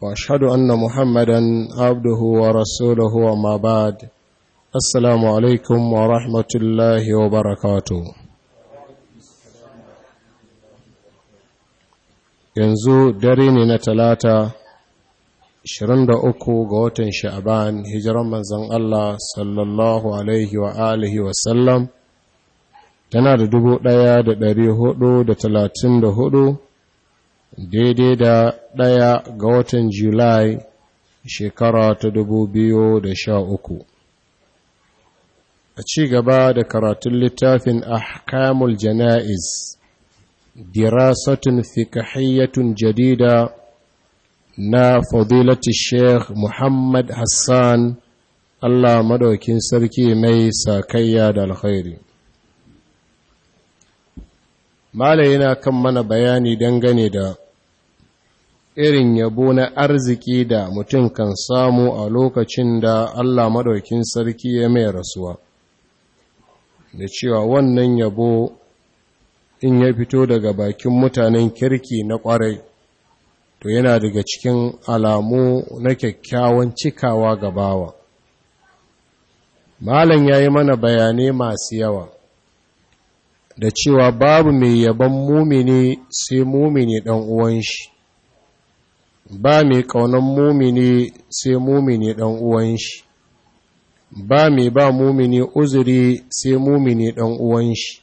واشهد ان محمدا عبده ورسوله وما بعد السلام عليكم ورحمه الله وبركاته yanzu dare ne na talata 23 ga watan sha'aban hijiran manzon Allah sallallahu alaihi wa alihi wa sallam tana da 1434 daidai da ɗaya ga watan Julai shekara ta dubu biyu da sha uku. A ci gaba da karatun littafin Ahkamul Jana'iz, dirasatun fikahiyyatun jadida na fadilati Sheikh Muhammad Hassan Allah madaukin sarki mai sakayya da alkhairi. Mala yana kan mana bayani dangane da irin yabo na arziki da mutum kan samu a lokacin da Allah maɗaukin sarki ya mai rasuwa da cewa wannan yabo in ya fito daga bakin mutanen kirki na ƙwarai to yana daga cikin alamu na kyakkyawan cikawa ga bawa malam ya yi mana bayanai masu yawa da cewa babu mai yaban mumini sai mumini ɗan uwan shi ba mai ƙaunar mumini sai mumini ɗan uwan shi ba mai ba mumini uzuri sai mumini ɗan uwan shi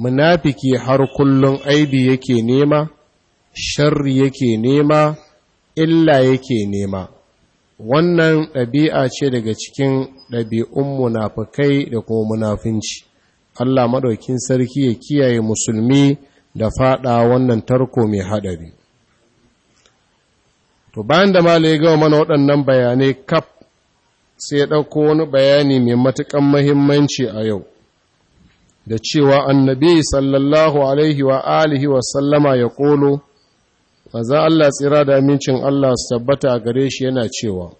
munafiki har kullum aibi yake nema sharri yake nema illa yake nema wannan ɗabi'a ce daga cikin ɗabi'un munafukai da kuma munafinci Allah maɗaukin sarki ya kiyaye musulmi da faɗa wannan tarko mai haɗari to bayan da mala ya gawa mana waɗannan bayanai kaf sai ya ɗauko wani bayani mai matuƙan mahimmanci a yau da cewa annabi sallallahu alaihi wa alihi wa sallama ya ƙolo maza Allah tsira da amincin Allah su tabbata a gare shi yana cewa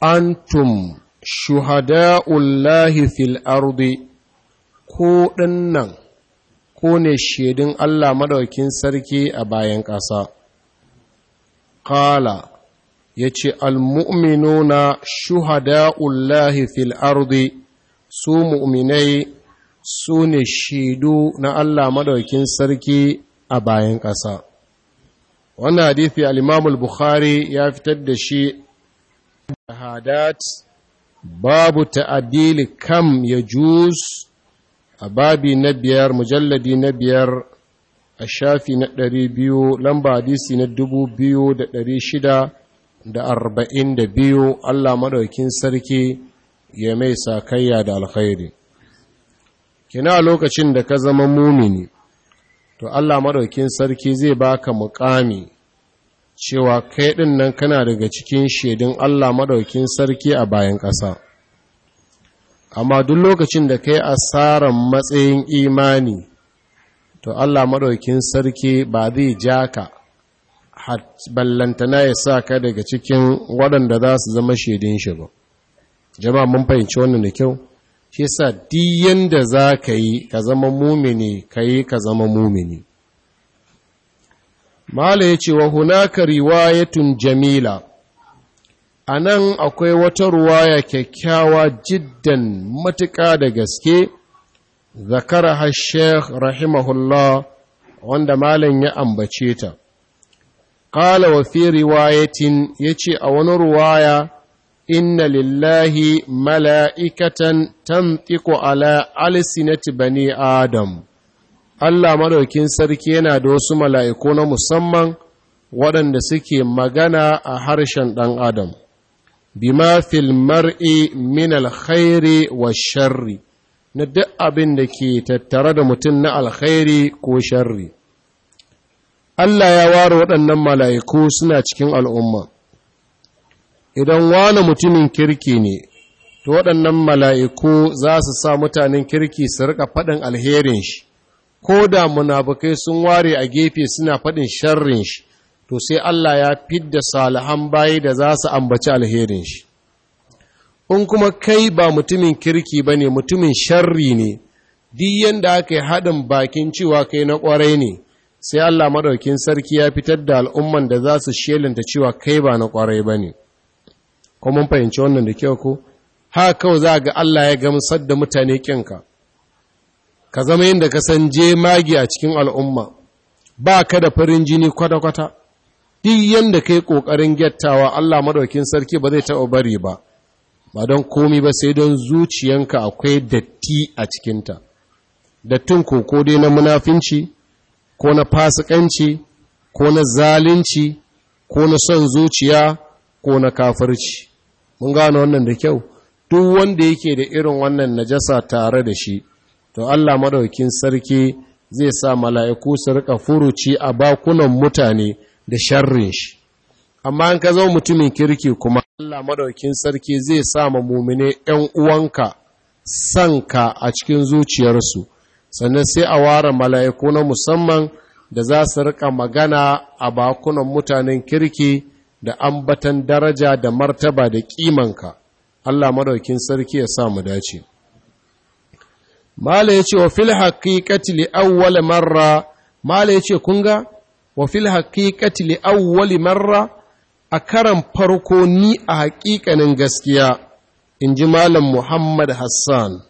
An antum shuhada'ullahi fil ardi ko nan ko ne shaidun Allah maɗaukin sarki a bayan ƙasa qala yace almu'minuna shuhada'ullahi fil ardi su mu'minai su ne shaidu na Allah madaukin sarki a bayan ƙasa wannan hadithi al-Imam bukhari ya fitar da shi shahadat babu ta'adili kam ya juz a babi na biyar mujalladi na biyar a shafi na ɗari biyu lamba hadisi na dubu biyu da ɗari shida da arba'in da biyu Allah maɗaukin sarki ya mai sakayya da alkhairi. Kina lokacin da ka zama mumini, to Allah maɗaukin sarki zai baka muƙami cewa kai ɗin nan kana daga cikin shaidun Allah maɗaukin sarki a bayan ƙasa. Amma duk lokacin da kai asaran matsayin imani, to Allah maɗaukin sarki ba zai ja ka ballantana ya sa ka daga cikin waɗanda za su zama shaidin shi ba jama'a mun fahimci wannan da kyau shi sa diyan da za ka yi ka zama mumini ka yi ka zama mumini mala ya ce wa hunaka riwayatun jamila a nan akwai wata ruwaya kyakkyawa jiddan matuƙa da gaske zakara hashek rahimahullah wanda Malam ya ambace ta ƙala wa fi riwayatin ya ce a wani ruwaya inna lillahi mala'ikatan tamtiko ala alisinati bane adam Allah madaukin sarki yana da wasu mala'iku na musamman waɗanda suke magana a harshen ɗan adam Bimafil mar'i min alkhairi wa sharri na duk abin da ke tattare da mutum na alkhairi ko sharri Allah ya ware waɗannan mala'iku suna cikin al'umma idan wani mutumin kirki ne to waɗannan mala'iku za su sa mutanen kirki su rika faɗin alherin shi ko da munafukai sun ware a gefe suna faɗin sharrin shi to sai Allah ya da salihan bayi da za su ambaci alherin shi in kuma kai ba mutumin kirki ba ne mutumin sharri ne duk yadda aka yi haɗin bakin cewa kai na ƙwarai ne sai Allah maɗaukin sarki ya fitar da al'umman da za su shelinta cewa kai ba na ƙwarai ba ne ko mun fahimci wannan da kyau ko ha kawai za ga Allah ya gamsar da mutane kinka ka zama yadda ka san je magi a cikin al'umma ba ka da farin jini kwata-kwata duk yadda ka yi ƙoƙarin gyattawa Allah maɗaukin sarki ba zai taɓa bari ba ba don komi ba sai don zuciyanka akwai datti a cikinta dattin ko ko dai na munafinci ko na fasikanci ko na zalunci ko na son zuciya ko na kafirci mun gane wannan da kyau duk wanda yake da irin wannan najasa tare da shi to Allah madaukin sarki zai sa mala'iku su rika furuci a bakunan mutane da sharrin shi amma in ka zama mutumin kirki kuma Allah madaukin sarki zai sa ma mumine ‘yan uwanka sanka a cikin zuciyarsu sannan sai a ware mala'iku na musamman da za su rika magana a bakunan mutanen kirki da ambatan daraja da martaba da kimanka Allah madaukin sarki ya sa mu dace mala yace wa fil haqiqati li awwal marra mala yace kunga wa fil haqiqati li awwal marra a karan farko ni a haƙiƙanin gaskiya in ji malam muhammad hassan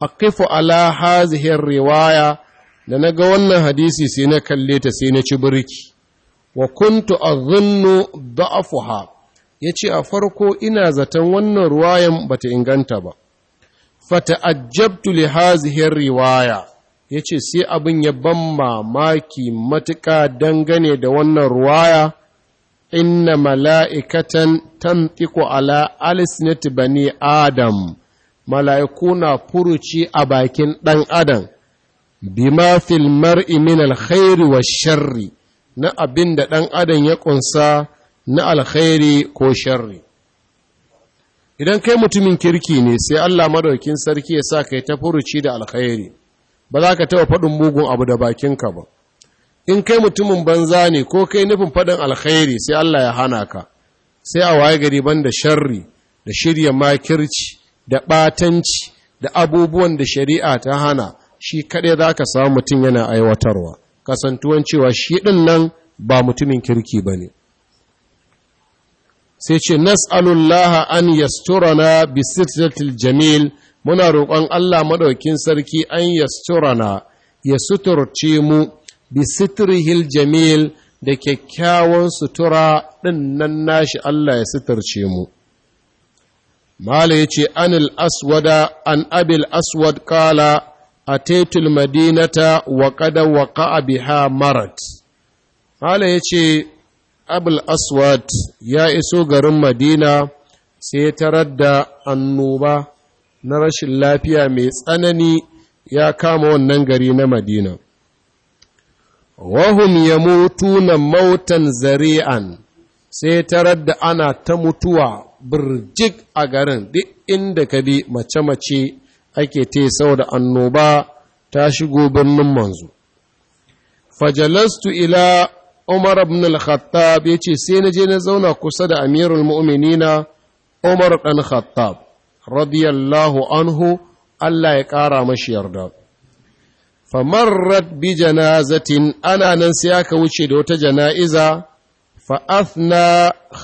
a kifo ala hazihin riwaya da na ga wannan hadisi sai na kalle ta sai na ci birki wa kuntu azunnu ya yace a farko ina zaton wannan ruwayan bata inganta ba ajabtu li hazihi riwaya yace sai abin ya ban mamaki matuƙa dangane da wannan ruwaya inna mala'ikatan tantiku ala alisnati bani adam mala'iku na furuci a bakin ɗan adam bima fil alkhairi wa sharri na abinda ɗan adam ya ƙunsa na alkhairi ko sharri idan kai mutumin kirki ne sai Allah madaukin sarki ya sa kai ta furuci da alkhairi ba za ka taɓa faɗin mugun abu da bakinka ba in kai mutumin banza ne ko kai nufin faɗin alkhairi sai Allah ya hana ka sai a waye gari ban da sharri da shirya makirci da ɓatanci da abubuwan da shari'a ta hana shi kaɗai za ka samu mutum yana aiwatarwa kasantuwan cewa shi ɗin nan ba mutumin kirki ba ne sai ce nas'alullah an yasturana bi sitratil jamil muna roƙon Allah maɗaukin sarki an yasturana ya suturce mu bi sitrihil jamil da kyakkyawan sutura ɗin nan nashi Allah ya suturce mu. Mala ya ce, Anil aswada, an abil aswad kala, a Taitul madinata wa kada wa biha marat. Mala ya ce, Abul aswad ya iso garin Madina sai ya tarar da annoba na rashin lafiya mai tsanani ya kama wannan gari na Madina. wahum ya mutu na mautan zari'an sai tarar da ana ta mutuwa birjik a garin duk inda ka bi mace-mace ake te da annoba ta shigo birnin manzo. fajalastu ila umar ibn al-khattab ya ce sai na je na zauna kusa da amirul mu'minina umar ɗan khattab radiyallahu anhu Allah ya ƙara mashi yarda. famarrat bi janazatin ana nan sai aka wuce da wata jana'iza fa'athna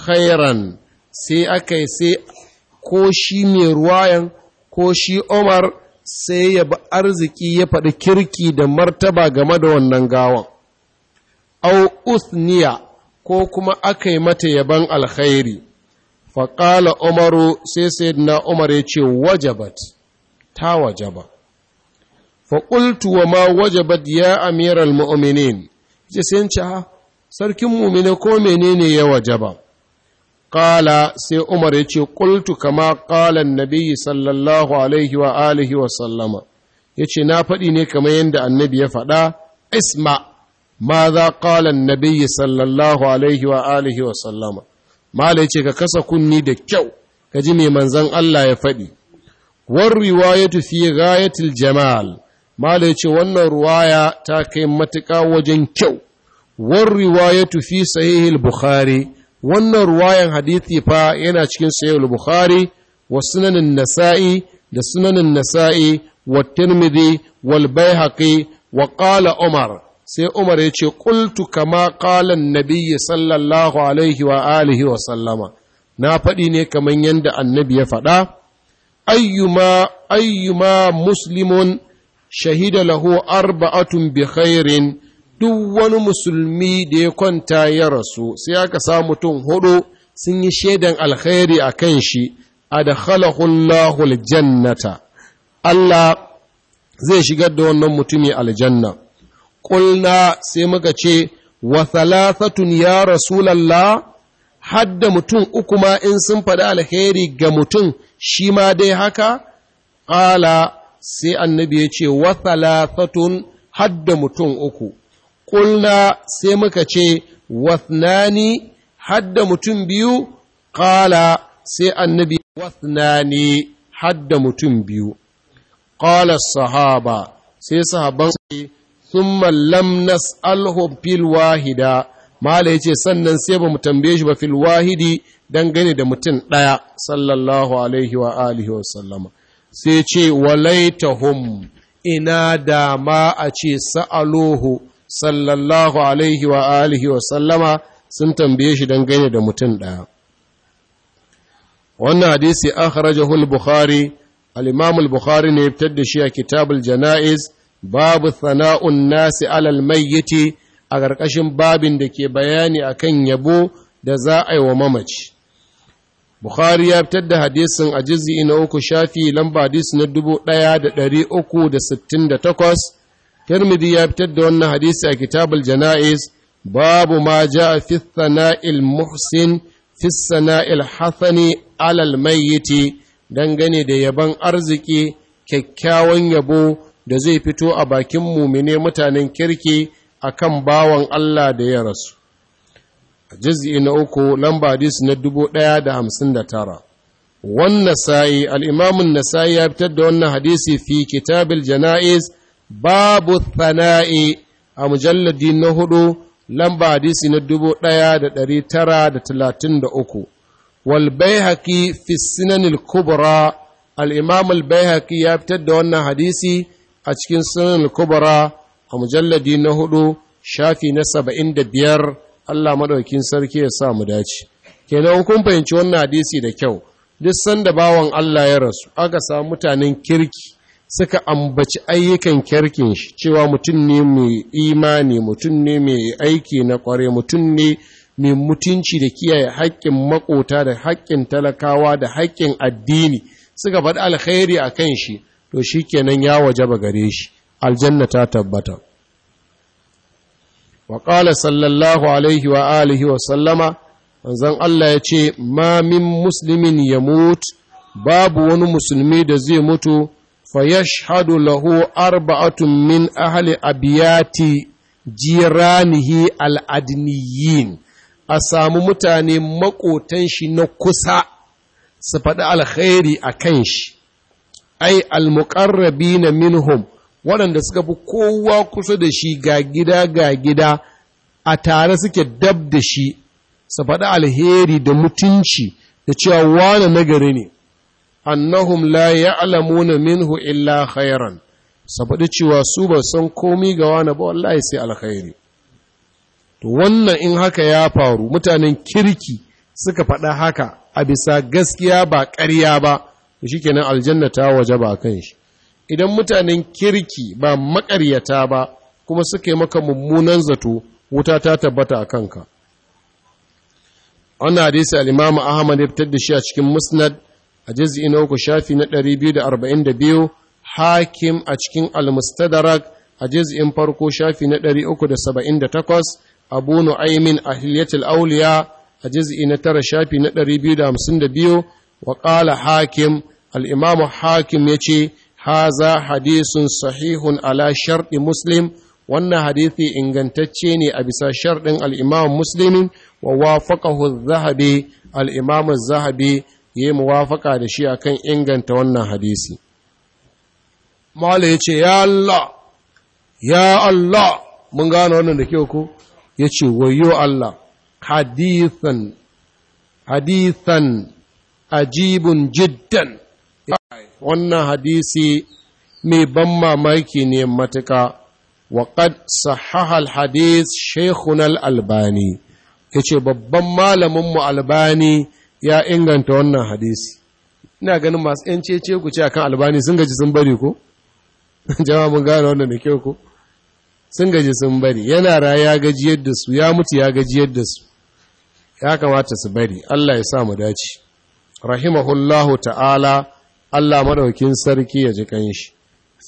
khairan sai aka yi sai ko shi mai ruwayan ko shi Omar sai ya bi arziki ya faɗi kirki da martaba game da wannan gawan. Au uthniya ko kuma aka yi mata yaban alkhairi, faƙala Umaru sai na Umar ya ce wajabat, ta wajaba. fa qultu wa ma wajabat ya amiral mu'minin ji sai ce ha ah, sarkin mu'mina ko menene ya wajaba qala sai umar yace qultu kama qala an-nabi sallallahu alaihi wa alihi wa sallama yace na faɗi ne kamar yadda annabi ya faɗa isma ma za qala an-nabi sallallahu alaihi wa sallama mala yace ka kasa kunni da kyau ka ji mai manzon Allah ya faɗi war riwayatu fi ghayatil jamal Malai ya ce wannan ruwaya ta kai matuƙa wajen kyau war riwayatu fi al bukhari wannan ruwayan hadithi fa yana cikin al bukhari wa sunanin nasa'i da sunanin nasa'i wa tirmidhi wal bayhaqi wa qala umar sai umar ya ce qultu kama qala an sallallahu alaihi wa alihi wa sallama na faɗi ne kamar yadda annabi ya faɗa ayyuma ayyuma muslimun shahida lahu arba'atun bi khairin duk wani musulmi da ya kwanta ya rasu sai aka sa mutum hudu sun yi shaidan alkhairi a kan shi a da Allahu aljannata Allah zai shigar da wannan mutumi aljanna ƙulna sai muka ce wa thalathatun ya lalla? hadda mutum uku ma in sun faɗi alkhairi ga mutum shi ma dai haka ƙala sai annabi ya ce wa thalathatun hadda mutum uku kulna sai muka ce wathnani hadda mutum biyu Ƙala sai annabi wathnani hadda mutum biyu kala sahaba sai sahaban sai sun lam nas'alhum fil wahida mala ce sannan sai bamu tambaye shi ba fil wahidi dangane da mutum ɗaya. sallallahu alaihi wa alihi wa sallama sai ce walaitahum ina da ma a ce sa'aluhu sallallahu alaihi wa alihi wa sallama sun tambaye shi dangane da mutum ɗaya. Wannan hadisi an jihun Bukhari, al'imamul Bukhari ne fitar da shi a kitabul jana'iz, babu sana'un nasi alal mayyiti a ƙarƙashin babin da ke bayani a kan yabo da za a yi wa mamaci. Bukhari ya fitar da hadisin a jizzi na uku shafi lamba hadisi na dubu ɗaya da ɗari uku da sittin da takwas, Tirmidhi ya fitar da wannan hadisi a kitabul jana'is babu ma ja fi sana'il muhsin fi sana'il hasani alal mayyiti dangane da yaban arziki kyakkyawan yabo da zai fito a bakin mumine mutanen kirki akan bawan Allah da ya rasu. juz'i na uku lamba hadisi na da tara. Wannan sa'i imam na sa'i ya fitar da wannan hadisi fi kitabil janaiz babu thana'i a mujalladi na hudu lamba hadisi na uku wal baihaqi fi sinanil al-kubra al-imam al ya fitar da wannan hadisi a cikin sunan al a mujalladi na hudu shafi na biyar. Allah maɗaukin sarki ya sa mu dace kenan kun fahimci wannan hadisi da kyau duk sanda bawan Allah ya rasu aka samu mutanen kirki suka ambaci ayyukan kirkin shi cewa mutum ne mai imani mutum ne mai aiki na kware mutum ne mai mutunci da kiyaye haƙƙin makota da haƙƙin talakawa da haƙƙin addini suka faɗi alkhairi a kan shi to shi kenan ya waje ba gare shi aljanna ta tabbata wa ƙala sallallahu alaihi wa alihi wa sallama manzon Allah ya ce ma min muslimin ya mutu babu wani musulmi da zai mutu fa lahu arba'atun min ahli abiyati jiranihi al'adiniyin a samu mutane maƙotan shi na kusa su faɗi alkhairi a kan shi ai almuƙarrabi na minhum waɗanda suka fi kowa kusa da shi ga gida ga gida a tare suke dab da shi su faɗi alheri da mutunci da cewa wane nagari ne annahum la ya'lamuna minhu illa khairan su faɗi cewa su ba san komi ga wane ba wallahi sai alkhairi to wannan in haka ya faru mutanen kirki suka faɗa haka a bisa gaskiya ba ƙarya ba shikenan aljanna ta waje ba kan shi idan mutanen kirki ba maƙaryata ba kuma suka yi maka mummunan zato wuta ta tabbata a kanka wannan hadisi al-imamu ahmad ya fitar da shi a cikin musnad a juz'i na uku shafi na 242 hakim a cikin al-mustadrak a juz'in farko shafi na 378 abu nu'aymin ahliyatul awliya a juz'i na tara shafi na 252 wa qala hakim al-imamu hakim yace haza hadisun sahihun ala sharɗi muslim wannan hadisi ingantacce ne a bisa sharɗin al'imam muslimin wa wafaqahu zahabi al’imamun zahabi ya yi muwafaka da shi akan inganta wannan hadisi mala ya ce ya Allah ya Allah mun gane wannan da kyau ku? ya ce wayo Allah hadithan hadithan ajibun jiddan wannan hadisi mai ban mamaki ne matuka waƙad sahahal hadis shekhunan albani ya ce babban malaminmu albani ya inganta wannan hadisi ina ganin masu ‘yan cece ku ce a kan albani sun gaji sun bari ko? jama mun gane wannan da kyau ko? sun gaji sun bari yana raya ya gaji yadda su ya mutu ya gaji yadda su ya kamata su bari Allah ya sa mu dace rahimahullahu ta'ala Allah madaukin sarki ya ji kanshi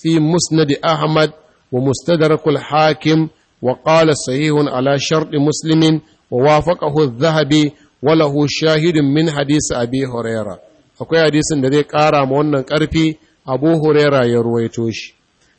fi musnadi ahmad wa mustadrakul hakim wa qala sahihun ala shart muslimin wa wafaqahu adh-dhahabi wa lahu shahidun min hadisi abi huraira akwai hadisin da zai kara ma wannan karfi abu huraira ya ruwaito shi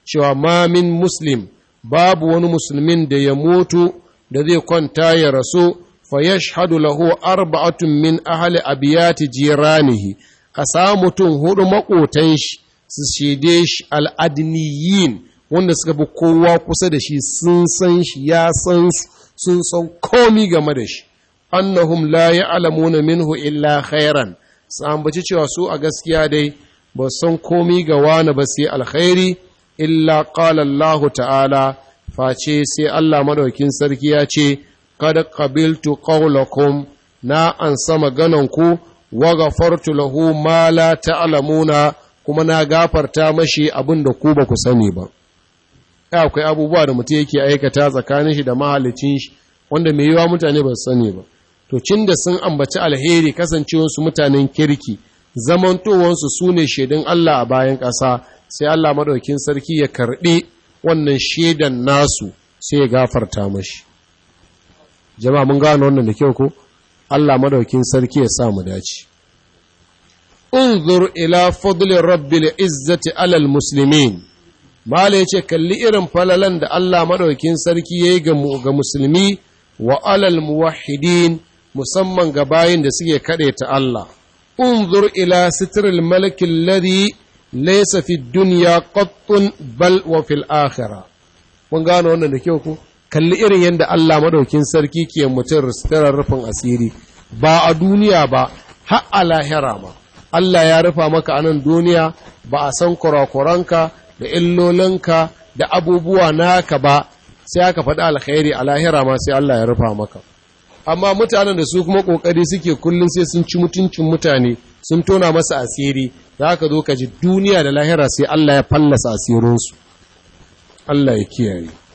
cewa ma min muslim babu wani musulmin da ya mutu da zai kwanta ya rasu fa yashhadu lahu arba'atun min ahli abiyati jiranihi ka samu mutum hudu makotan shi su shaide shi al'adiniyin wanda suka fi kowa kusa da shi sun san shi ya san sun san komi game da shi annahum la ya'lamuna minhu illa khairan su ambaci cewa su a gaskiya dai ba san komi ga wani ba sai alkhairi illa qala Allah ta'ala face sai Allah madaukin sarki ya ce kada qabiltu qawlakum na an sama ku wa ghafartu lahu ma la ta'lamuna kuma na gafarta mashi abin da ku ba ku sani ba akwai abubuwa da mutum yake aikata tsakanin shi da mahalicin shi wanda mai yiwa mutane ba su sani ba to cin da sun ambaci alheri su mutanen kirki zamantowansu su ne shaidun Allah a bayan ƙasa sai Allah madaukin sarki ya karɓi wannan shaidan nasu sai ya gafarta mashi jama'a mun gano wannan da kyau ko Allah madaukin sarki ya sa mu dace unzur ila fadli rabbil izzati alal muslimin Malai yace kalli irin falalan da Allah madaukin sarki yayi ga ga musulmi wa alal muwahhidin musamman ga bayin da suke ta Allah unzur ila sitril malik alladhi laysa fi dunya qattun bal wa fil akhirah mun gano wannan da kyau ko kalli irin yadda Allah maɗaukin sarki ke mutum ristarar rufin asiri ba a duniya ba har a lahira ba. Allah ya rufa maka a nan duniya ba a san kurakuranka da illolinka da abubuwa naka ba sai aka faɗi alkhairi a lahira ma sai Allah ya rufa maka amma mutanen da su kuma ƙoƙari suke kullum sai sun ci mutuncin mutane sun tona masa asiri za ka zo ka ji duniya da lahira sai Allah ya fallasa asirinsu Allah ya kiyaye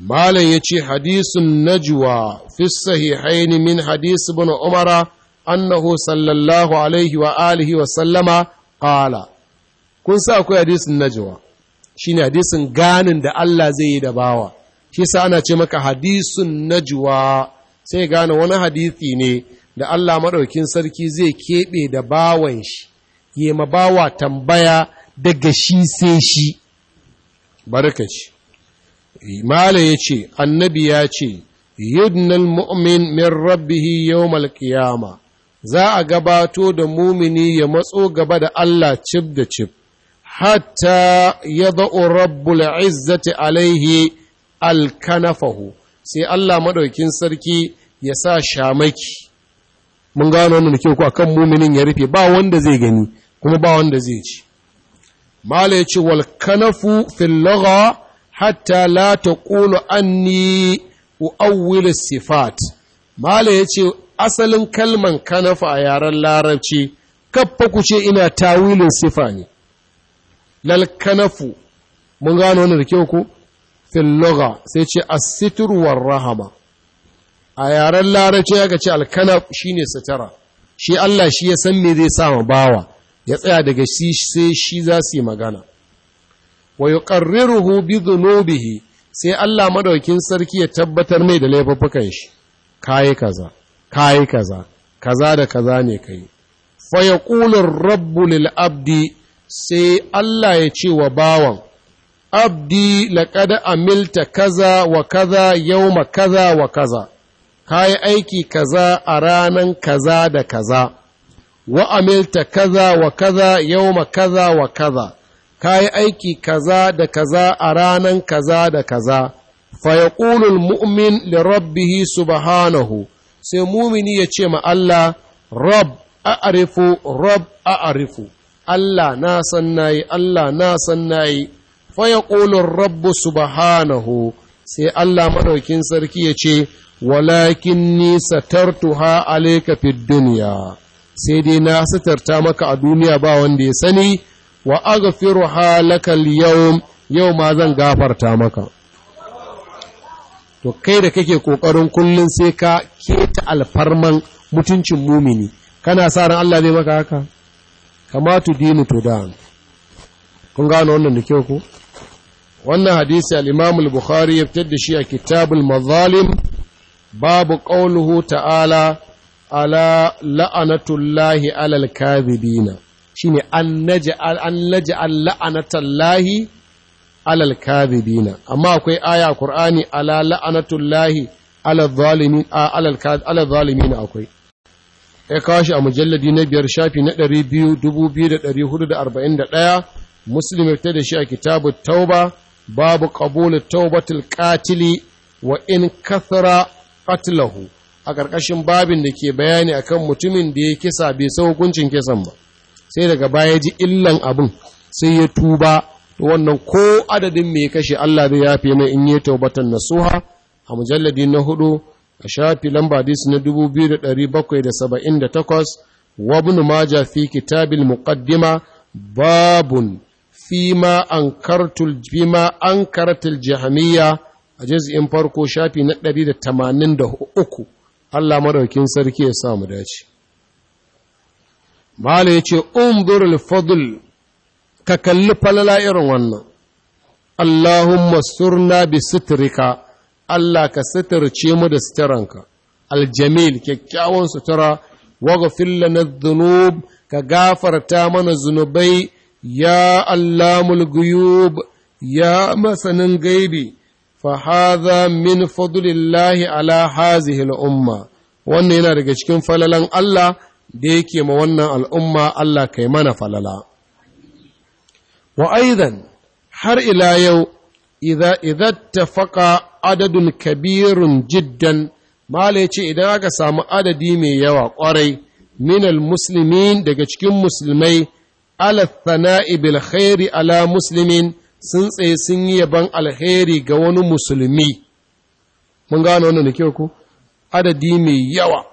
malam ya ce hadisun najwa fi sahihaini min hadisi bin umara annahu sallallahu alaihi wa alihi wa sallama kun sa akwai hadisun Shi ne hadisin ganin da Allah zai yi da bawa shi sa ana ce maka hadisun najuwa sai gane wani hadisi ne da Allah maɗaukin sarki zai keɓe da bawan shi yi ma bawa tambaya daga shi sai shi barkaci mala ya ce annabi ya ce yudnal mu'min min rabbihi yawmal qiyama za a gabato da mumini ya matso gaba da Allah cib da cib hatta yad'u rabbul izzati alaihi alkanafahu sai Allah madaukin sarki ya sa shamaki mun gano wannan ke ku akan muminin ya rufe ba wanda zai gani kuma ba wanda zai ci mala ya ce wal kanafu fil lugha hatta la taqulu anni uawwilu sifat mala yace asalin kalman kanafa a yaren larabci kaffa ku ce ina tawilin sifa ne lal kanafu mun gano wannan da kyau ko fil lugha sai ce as-sitru rahama a yaren larabci aka ce al-kanaf shine sitara shi Allah shi ya san me zai sa ma bawa ya tsaya daga shi sai shi za su yi magana wa yuqarriruhu bi dhunubihi sai Allah madaukin sarki ya tabbatar mai da laifukan shi kai kaza kai kaza kaza da kaza ne kai fa yaqulu rabbu lil abdi sai Allah ya ce wa bawan abdi laqad amilta kaza wa kaza yawma kaza wa kaza kayi aiki kaza a ranan kaza da kaza wa amilta kaza wa kaza yawma kaza wa kaza ka yi aiki kaza da kaza a ranan kaza da kaza fa ya mu'min da rabbihi subhanahu sai mumini ya ce ma Allah rab arifu rab arifu, Allah na san nayi Allah na san nayi fa ya rabbu subhanahu sai Allah maɗaukin sarki ya ce walakin ni satartuha alayka fid duniya, sai dai na satarta maka a duniya ba wanda ya sani wa aghfiru halaka al-yawm yau ma zan gafarta maka to kai da kake kokarin kullum sai ka keta alfarman mutuncin mumini kana sa ran Allah zai maka haka kamatu dini to da kun gano wannan da kyau ko wannan hadisi al al-Bukhari ya fitar da shi a Kitabul Mazalim babu qauluhu ta'ala ala la'anatullahi alal kadhibina ne an naj'al an lahi la'anatallahi alal kadhibina amma akwai aya qur'ani ala la'anatullahi alal zalimin alal alal zalimin akwai ya kawo shi a mujalladi na biyar shafi na 2241 muslim ta fita da shi a kitabu tauba babu qabul taubatul qatili wa in kathara qatlahu a ƙarƙashin babin da ke bayani akan mutumin da ya kisa bai sa hukuncin kisan ba sai daga baya ji illan abin sai ya tuba to wannan ko adadin mai kashe Allah zai yafe mai in yi taubatan nasuha a mujalladi na hudu a shafi lamba dis na 2778 wa ibn maja fi kitabil muqaddima babun fima ankartul fima ankaratul a juz'in farko shafi na 183 Allah madaukin sarki ya samu dace Bala ya ce, Umdurul fadl ka kalli falala irin wannan, Allahumma surna bi suturika, Allah ka sitirce mu da suturanka, aljamil kyakkyawan sutura, waga filla na zunub, ka gafarta mana zunubai, ya Allahmul guyub, ya masanin gaibi, fa min fadlillahi ala hazihil umma, wannan yana daga cikin falalan Allah. da yake ma wannan al'umma Allah kai mana falala. Wa aidan har ila yau, idan faƙa adadun kabirun jiddan, Mala ce idan aka samu adadi mai yawa ƙwarai, minal musulmin daga cikin musulmai, ala thana'i khairi ala musulmin sun tsaye sun yi yaban alheri ga wani musulmi. Mun gano wannan da ku? Adadi mai yawa.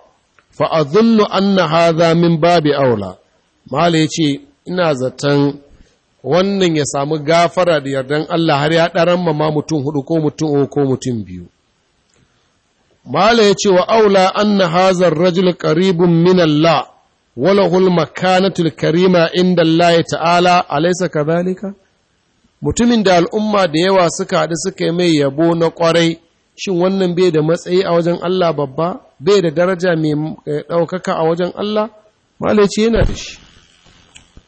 fa azunnu anna hadha min babi aula mala ce, ina zaton wannan ya samu gafara da yardan Allah har ya ɗaran ma mutum hudu ko mutum uku ko mutum biyu mala ce wa aula anna hadha ar-rajul qaribun min Allah وله المكانة الكريمة ta'ala الله ka mutumin da al'umma da yawa suka haɗu suka yi mai yabo na ƙwarai shin wannan bai da matsayi a wajen Allah babba bai da daraja mai eh, ɗaukaka a wajen Allah malaci yana da shi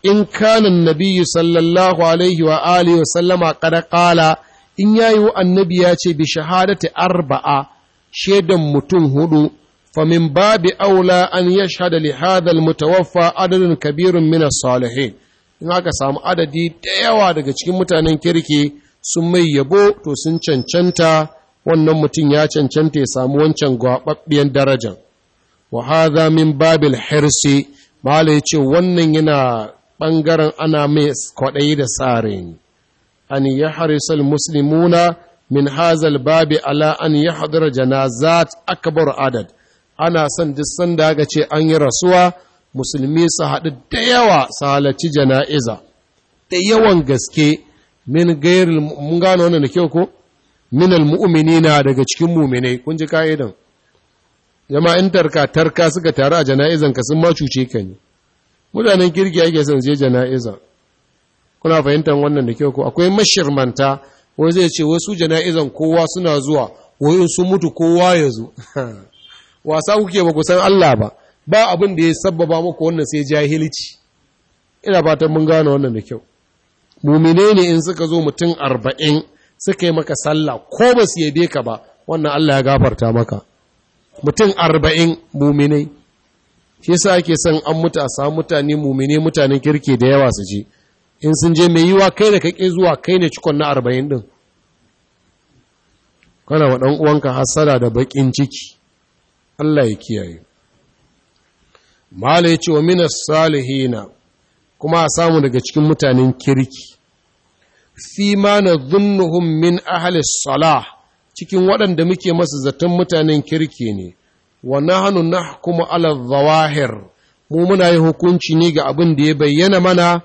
in kanin nabiyyu sallallahu alaihi wa alihi wa sallama kada kala in yayi wa annabi ya ce bi shahadata arba'a shaidan mutum hudu famin babi aula an yashhada li hadha almutawaffa adadin kabirun mina salihe. in aka samu adadi da yawa daga cikin mutanen kirki sun mai yabo to sun cancanta wannan mutum ya cancanta ya samu wancan gwaɓaɓɓiyar darajar wa hadha min babil hirsi mala yace wannan yana ɓangaren ana mai kwaɗayi da tsare ne an yi harisal muslimuna min hazal babi ala an ya hadar janazat akbar adad ana son duk da aka ce an yi rasuwa musulmi su haɗu da yawa su halarci jana'iza da yawan gaske min gairil mun gano wannan da kyau ko minal na daga cikin mu'minai kun ji ka'idan jama'in tarka tarka suka taru a jana'izan ka sun ma cuce ka ne mutanen kirki ake son zai jana'iza kuna fahimtar wannan da kyau ko akwai mashirmanta ko zai ce wasu jana'izan kowa suna zuwa wai sun mutu kowa ya zo wasa kuke ba ku san Allah ba ba abin da ya sabbaba muku wannan sai jahilci ina fatan mun gane wannan da kyau Muminai ne in suka zo mutum arba'in suka yi maka sallah ko ba su yabe ka ba wannan Allah ya gafarta maka mutum arba'in muminai shi sa ake son an mutu a samu mutane mumine mutanen kirki da yawa su je in sun je mai yiwa kai da kake zuwa kai ne cikon na arba'in ɗin? kana wa ɗan uwanka hasada da baƙin ciki Allah ya kiyaye mala ya ce wa minas salihina kuma a samu daga cikin mutanen kirki fi ma na zunnuhum min ahalis salah cikin waɗanda muke masu zaton mutanen kirki ne wa nahnu nahkumu ala zawahir mu muna yi hukunci ne ga abin da ya bayyana mana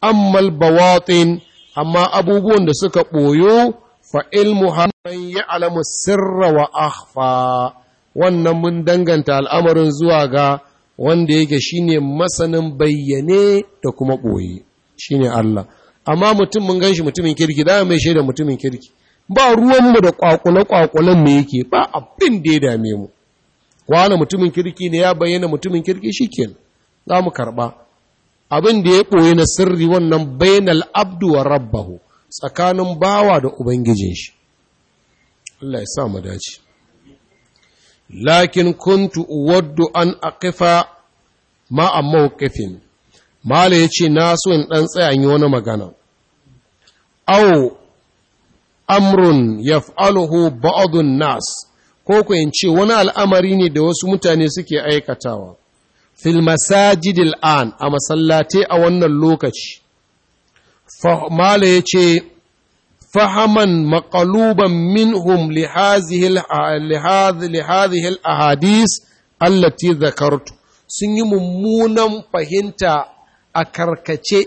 ammal bawatin amma abubuwan da suka ɓoyo fa ilmu hannun ya alamu sirra wa akhfa wannan mun danganta al'amarin zuwa ga wanda yake shine masanin bayyane da kuma ɓoye shine Allah amma mutum mun ganshi mutumin kirki da mai shaida mutumin kirki ba ruwanmu da kwakule-kwakulen me yake ba abin da ya dame mu mutumin kirki ne ya bayyana mutumin kirki shi ke za mu karɓa abin da ya ɓoye na sirri wannan bainal abdu wa rabbahu tsakanin bawa da ubangijin shi Allah ya sa mu dace lakin kuntu uwaddu an aqifa ma a mawqifin ya ce na so in dan tsaya wani magana au amrun yaf'aluhu ba'dun nas ko ku ce wani al'amari ne da wasu mutane suke aikatawa fil masajidil an a masallatai a wannan lokaci mala yace ce fahaman maqaluban minhum li hadhihi al ahadis allati zakartu sun yi mummunan fahimta a karkace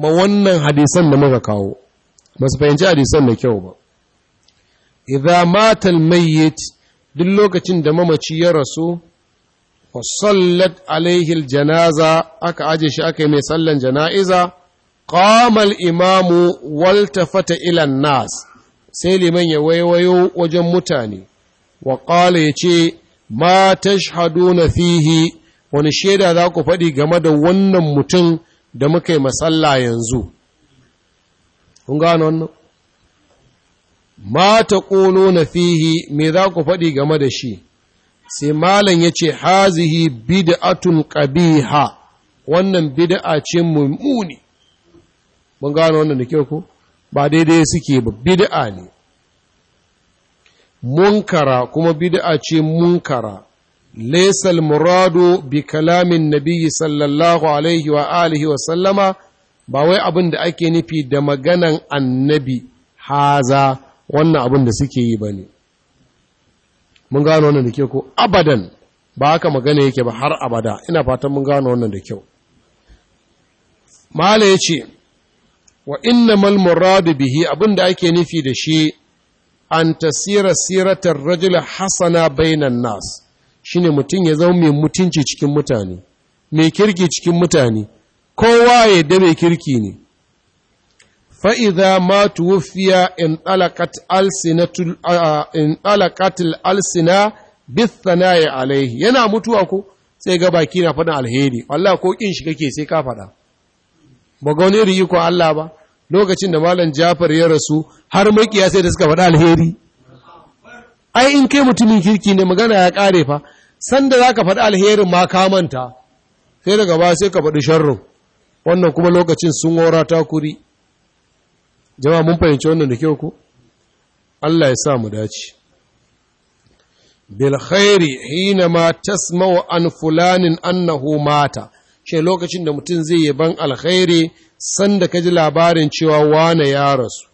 ma wannan hadisan da muka kawo ba su fahimci hadisan da kyau ba idza mata almayyit duk lokacin da mamaci ya rasu wa sallat alaihi aljanaza aka aje shi aka yi mai sallan jana'iza qama Imam'u, waltafata ila nas sai liman ya waiwayo wajen mutane wa qala yace ma tashhaduna fihi wani shaida za ku faɗi game da wannan mutum da muka yi masalla yanzu kun gano wannan ma ta ƙolo na fihi me za ku faɗi game da shi sai malam ya ce hazihi bid'atun ƙabiha wannan bid'a ce mummuni mun gano wannan da kyau ko ba daidai suke ba bid'a ne munkara kuma bid'a ce munkara laysal muradu bi kalamin nabiyyi sallallahu alaihi wa alihi wa sallama ba wai abin da ake nufi da maganan annabi haza wannan abin da suke yi ba ne mun gano wannan da ke ko abadan ba haka magana yake ba har abada ina fatan mun gano wannan da kyau mala ya ce wa innamal muradu bihi abin da ake nufi da shi an tasira siratar rajula hasana bainan nas shine mutum ya zama mai mutunci cikin mutane mai kirki cikin mutane kowa ya dame kirki ne fa'iza ma tuwufiya in ɗalakatil alsina bisana ya alaihi yana mutuwa ko sai ga baki na faɗin alheri Allah ko ƙin shi kake sai ka faɗa ba ga wani riyi ko Allah ba lokacin da malam jafar ya rasu har makiya sai da suka faɗa alheri ai in kai mutumin kirki ne magana ya ƙare fa sanda za ka faɗi alherin ma ka manta sai daga ba sai ka faɗi sharrin wannan kuma lokacin sun wara takuri Jam'a mun fahimci wannan da kyau ku Allah ya sa mu dace bil khairi hina ma tasma'u an fulanin annahu mata shi lokacin da mutum zai ban alkhairi sanda kaji labarin cewa wane ya rasu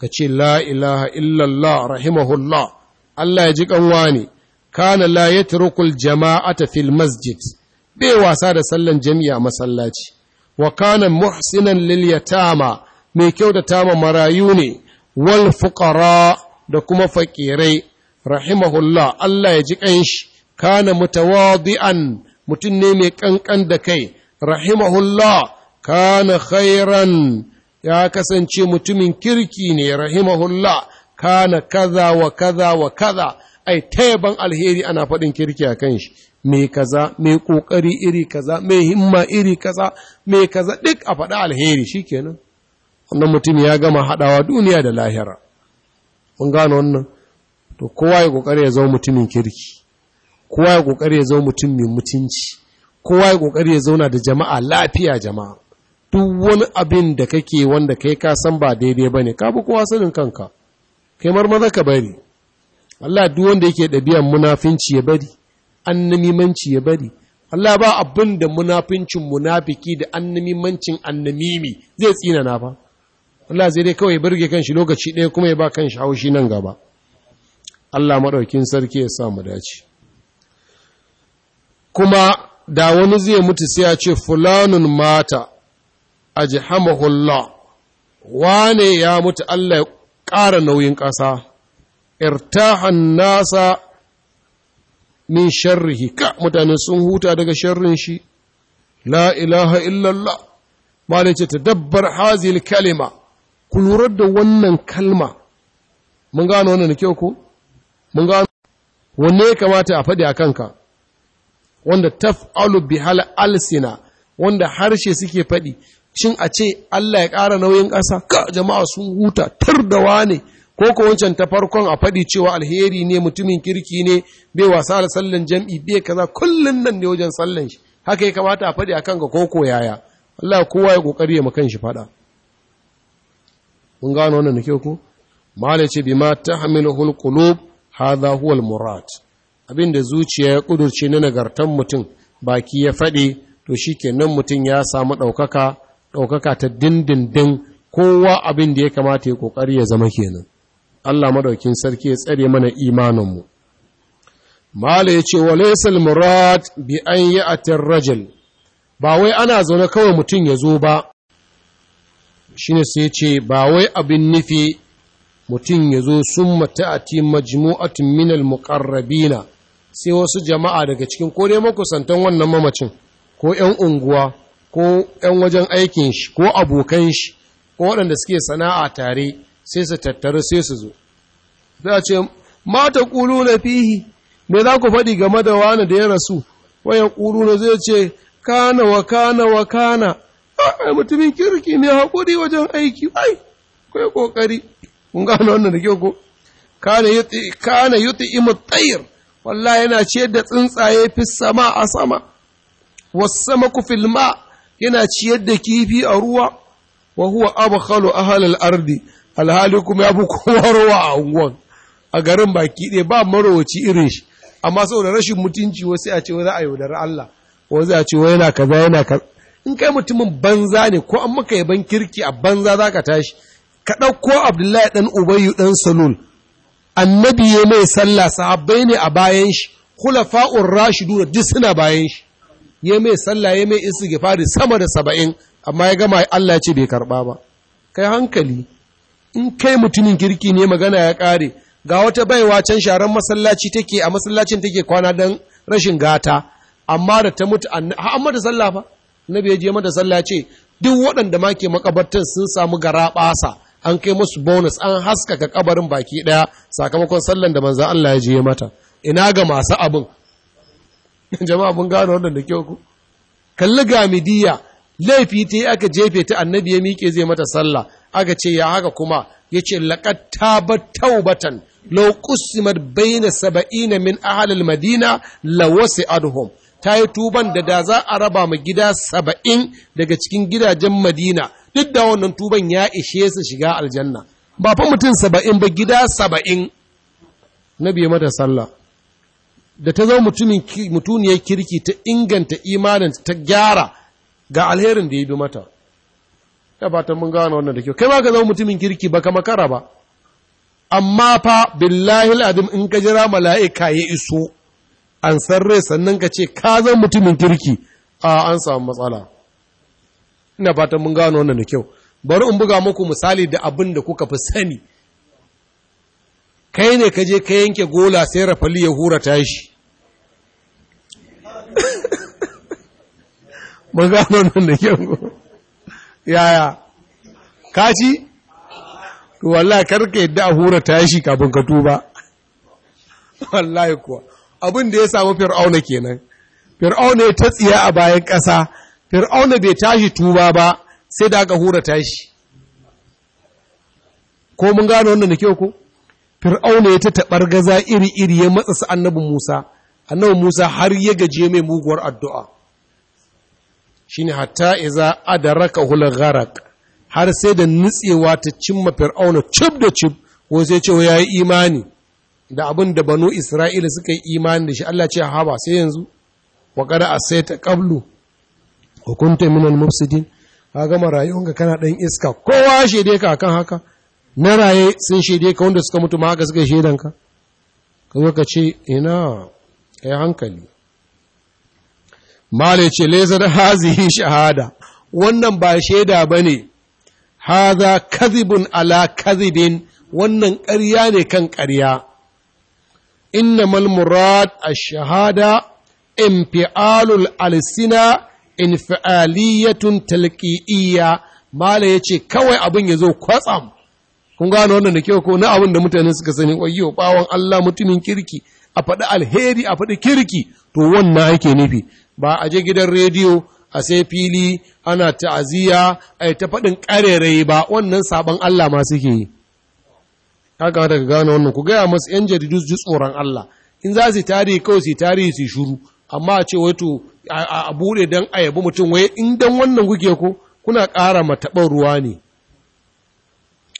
ka ce la ilaha illallah rahimahullah Allah ya ji kanwa ne kana la yatrukul jama'ata fil masjid bai wasa da sallan jami'a masallaci wa kana muhsinan lil yatama mai kyautata ma marayu ne wal fuqara da kuma fakirai rahimahullah Allah ya ji kanshi kana mutawadi'an mutum ne mai kankan da kai rahimahullah kana khairan ya kasance mutumin kirki ne rahimahullah kana kaza wa kaza wa kaza ai ta alheri ana faɗin kirki a kanshi. mai kaza mai kokari iri kaza mai himma iri kaza mai kaza duk a faɗa alheri shikenan wannan mutum ya gama haɗawa duniya da lahira mun gano wannan to kowa ya kokari ya zama mutumin kirki kowa ya kokari ya zama mutum mai mutunci kowa ya kokari ya zauna da jama'a lafiya jama'a duk wani abin da kake wanda kai ka san ba daidai bane ka bi kowa sanin kanka kai marmaza ka bari Allah duk wanda yake ɗabi'an munafinci ya bari annamimanci ya bari Allah ba abin da munafincin munafiki da annamimancin annamimi zai tsina na ba Allah zai dai kawai burge kanshi lokaci ɗaya kuma ya ba kanshi haushi nan gaba Allah maɗaukin sarki ya sa mu dace kuma da wani zai mutu sai ya ce fulanun mata ajhamahullah wane ya mutu Allah ya ƙara nauyin ƙasa irtahan nasa min sharrihi ka mutane sun huta daga sharrin shi la ilaha illallah ba ta ce tadabbar hazil kalima ku lura da wannan kalma mun gano wannan da kyau ko mun gano wanne ya kamata a faɗi a kanka wanda taf'alu bihal alsina wanda harshe suke faɗi shin a ce Allah ya ƙara nauyin ƙasa ka jama'a sun huta tar da wane ko ko wancan ta farkon a faɗi cewa alheri ne mutumin kirki ne bai wasa da sallan jam'i bai kaza kullun nan ne wajen sallan shi haka ya kamata a faɗi akan ga koko yaya Allah kowa ya kokari ya makan shi faɗa mun gano wannan nake ku mala ce bima tahmiluhul qulub hadha huwa al-murad abinda zuciya ya kudurce na nagartan mutum baki ya faɗi to shikenan mutum ya samu ɗaukaka daukaka ta dindindin kowa abin da ya kamata ya kokari ya zama kenan Allah madaukin sarki ya tsare mana imaninmu mala ya ce wa laisal murad bi an yi a rajul ba wai ana zaune kawai mutum ya zo ba shine sai ce ba wai abin nufi mutum ya zo sun ti majmu'atin minal muqarrabina sai wasu jama'a daga cikin ko dai makusantan wannan mamacin ko 'yan unguwa ko 'yan wajen aikin shi ko abokan shi ko waɗanda suke sana'a tare sai su tattaru sai su zo za a ce mata ƙulu na fihi me za ku faɗi game da wani da ya rasu wayan ƙulu na zai ce kana wa kana wa kana a mutumin kirki ne haƙuri wajen aiki ai kai ƙoƙari kun gano wannan da kyau ko kana yuti imu tsayir wallah yana ciyar da tsuntsaye fi sama a sama Wasu ku filma yana ciyar da kifi a ruwa wa huwa a ahlal ardi alhali kuma ya fi kowa rawa a unguwan a garin baki ɗaya ba marowaci irin shi amma saboda rashin mutunci wasu a ce za a yaudar Allah wasu a ce wai yana kaza yana kaza in kai mutumin banza ne ko an maka yaban kirki a banza za ka tashi ka ɗauko abdullahi ɗan ubayu ɗan salul annabi ya mai sallah sahabbai ne a bayan shi khulafa'ur rashiduna duk suna bayan shi ya mai sallah ya mai gifari sama da saba'in amma ya gama Allah ce bai karɓa ba kai hankali in kai mutumin kirki ne magana ya ƙare ga wata baiwa can sharan masallaci take a masallacin take kwana don rashin gata amma da ta mutu an mata sallah fa annabi ya je mata sallah ce duk waɗanda ma ke makabartan sun samu gara ɓasa an kai musu bonus an haskaka kabarin baki ɗaya sakamakon sallan da manzan Allah ya je mata ina ga masu abin jama'a mun gano wannan da kyau ku kalli ga midiya laifi ta yi aka jefe ta annabi ya miƙe zai mata sallah aka ce ya haka kuma ya ce laƙatta ba taubatan law bayyana baina saba'ina min ahalil madina la adhum ta yi tuban da da za a raba ma gida saba'in daga cikin gidajen madina duk da wannan tuban ya ishe su shiga aljanna ba fa mutum saba'in ba gida saba'in na biye mata sallah da ta zama mutuniyar kirki ta inganta imanin ta gyara ga alherin da ya bi mata ya fatan mun gano wannan da kyau kai ba ka zama mutumin kirki ba ka makara ba amma fa billahi al'adim in ka jira mala'ika ya iso an san rai sannan ka ce ka zan mutumin kirki a an samu matsala ina fatan mun gano wannan da kyau bari in buga muku misali da abin da kuka fi sani kai ne ka je ka yanke gola sai rafali ya hura tashi mun gano wannan da kyau yaya kaci to wallahi karka yadda a hura tashi kafin ka tuba wallahi kuwa abin da ya samu fir'auna kenan fir'auna ya ta tsiya a bayan ƙasa fir'auna bai tashi tuba ba sai da aka hura tashi ko mun gano wannan da kyau ko fir'auna ya ta taɓar gaza iri-iri ya matsa su annabin musa annabin musa har ya gaje mai muguwar addu'a shine hatta iza adaraka hula gharak har sai da nutsewa ta cimma fir'auna cib da cib ko sai ce ya yi imani da abin da banu isra'ila suka yi imani da shi Allah ce haba sai yanzu wa qad asaita qablu wa kunta minan mufsidin ka gama rayuwanka kana ɗan iska kowa shede ka akan haka na raye sun shede ka wanda suka mutu ma haka suka shedan ka ka zo ka ce ina kai hankali mala ce laysar hazihi shahada wannan ba shaida ba bane haza kazibun ala Kazibin wannan ƙarya ne kan ƙarya Inna murad a shahada in infi'alul alsina infi'aliyatun Male ya ce kawai abin ya zo kwatsam kun gano wannan da kyau ko na abin da mutane suka sani wayo, bawon Allah mutumin kirki a faɗi alheri a faɗi kirki to wannan yake nufi ba a je gidan rediyo a sai fili ana ta'aziyya a yi ta faɗin ƙarerai ba wannan sabon Allah ma suke yi haka daga gane wannan ku gaya masu yan jaridu ji tsoron Allah in za su tarihi kawai su tarihi su shuru amma a ce wai to a bude dan a mutum wai in dan wannan kuke ku, kuna ƙara mataɓar ruwa ne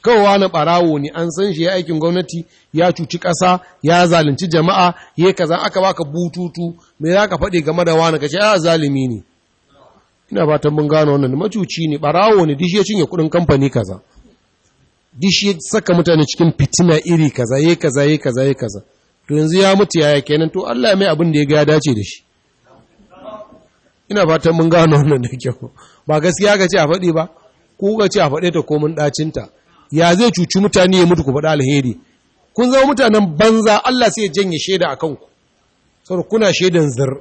kawai na barawo ne an san shi ya aikin gwamnati ya cuci ƙasa ya zalunci jama'a ya yi kaza aka baka bututu me za ka faɗi game da wani kashe ya ah, zalimi ne ina ba tambun mun gano wannan macuci ne barawo ne dishi ya cinye kuɗin kamfani kaza dishi ya saka mutane cikin fitina iri kaza ya kaza ya kaza ya kaza to yanzu ya mutu yaya kenan to Allah ya mai abin da ya ga ya dace da shi ina fatan mun gano wannan da kyau ba gaskiya ga ce a faɗi ba ko ga ce a faɗe ta komin ɗacinta ya zai cuci mutane ya mutu ku faɗa alheri kun zama mutanen banza Allah sai ya janye shaida a kanku saboda kuna shaidan zir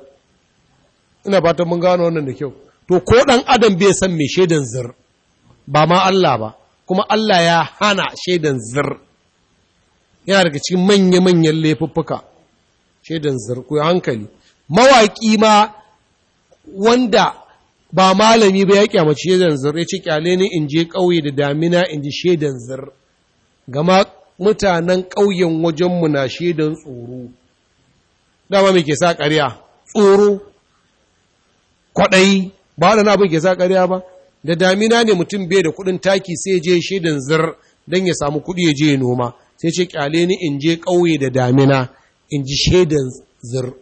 ina fatan mun gano wannan da kyau to ko ɗan adam bai san me shaidan zir ba ma Allah ba kuma Allah ya hana shaidan zir yana daga cikin manya-manyan laifuffuka shaidan zir ku hankali Mawaƙi ma wanda ba malami ba ya kyamaci shaidan zir ya ce kyale ne in je ƙauye da damina in ji shaidan zir gama mutanen ƙauyen wajenmu na shaidan tsoro dama mai ke sa ƙarya tsoro kwaɗayi ba da na abin ke sa ƙarya ba da damina ne mutum bai da kuɗin taki sai je shaidan zir don ya samu kuɗi ya je noma sai ce kyale ni in je ƙauye da damina in ji shaidan zir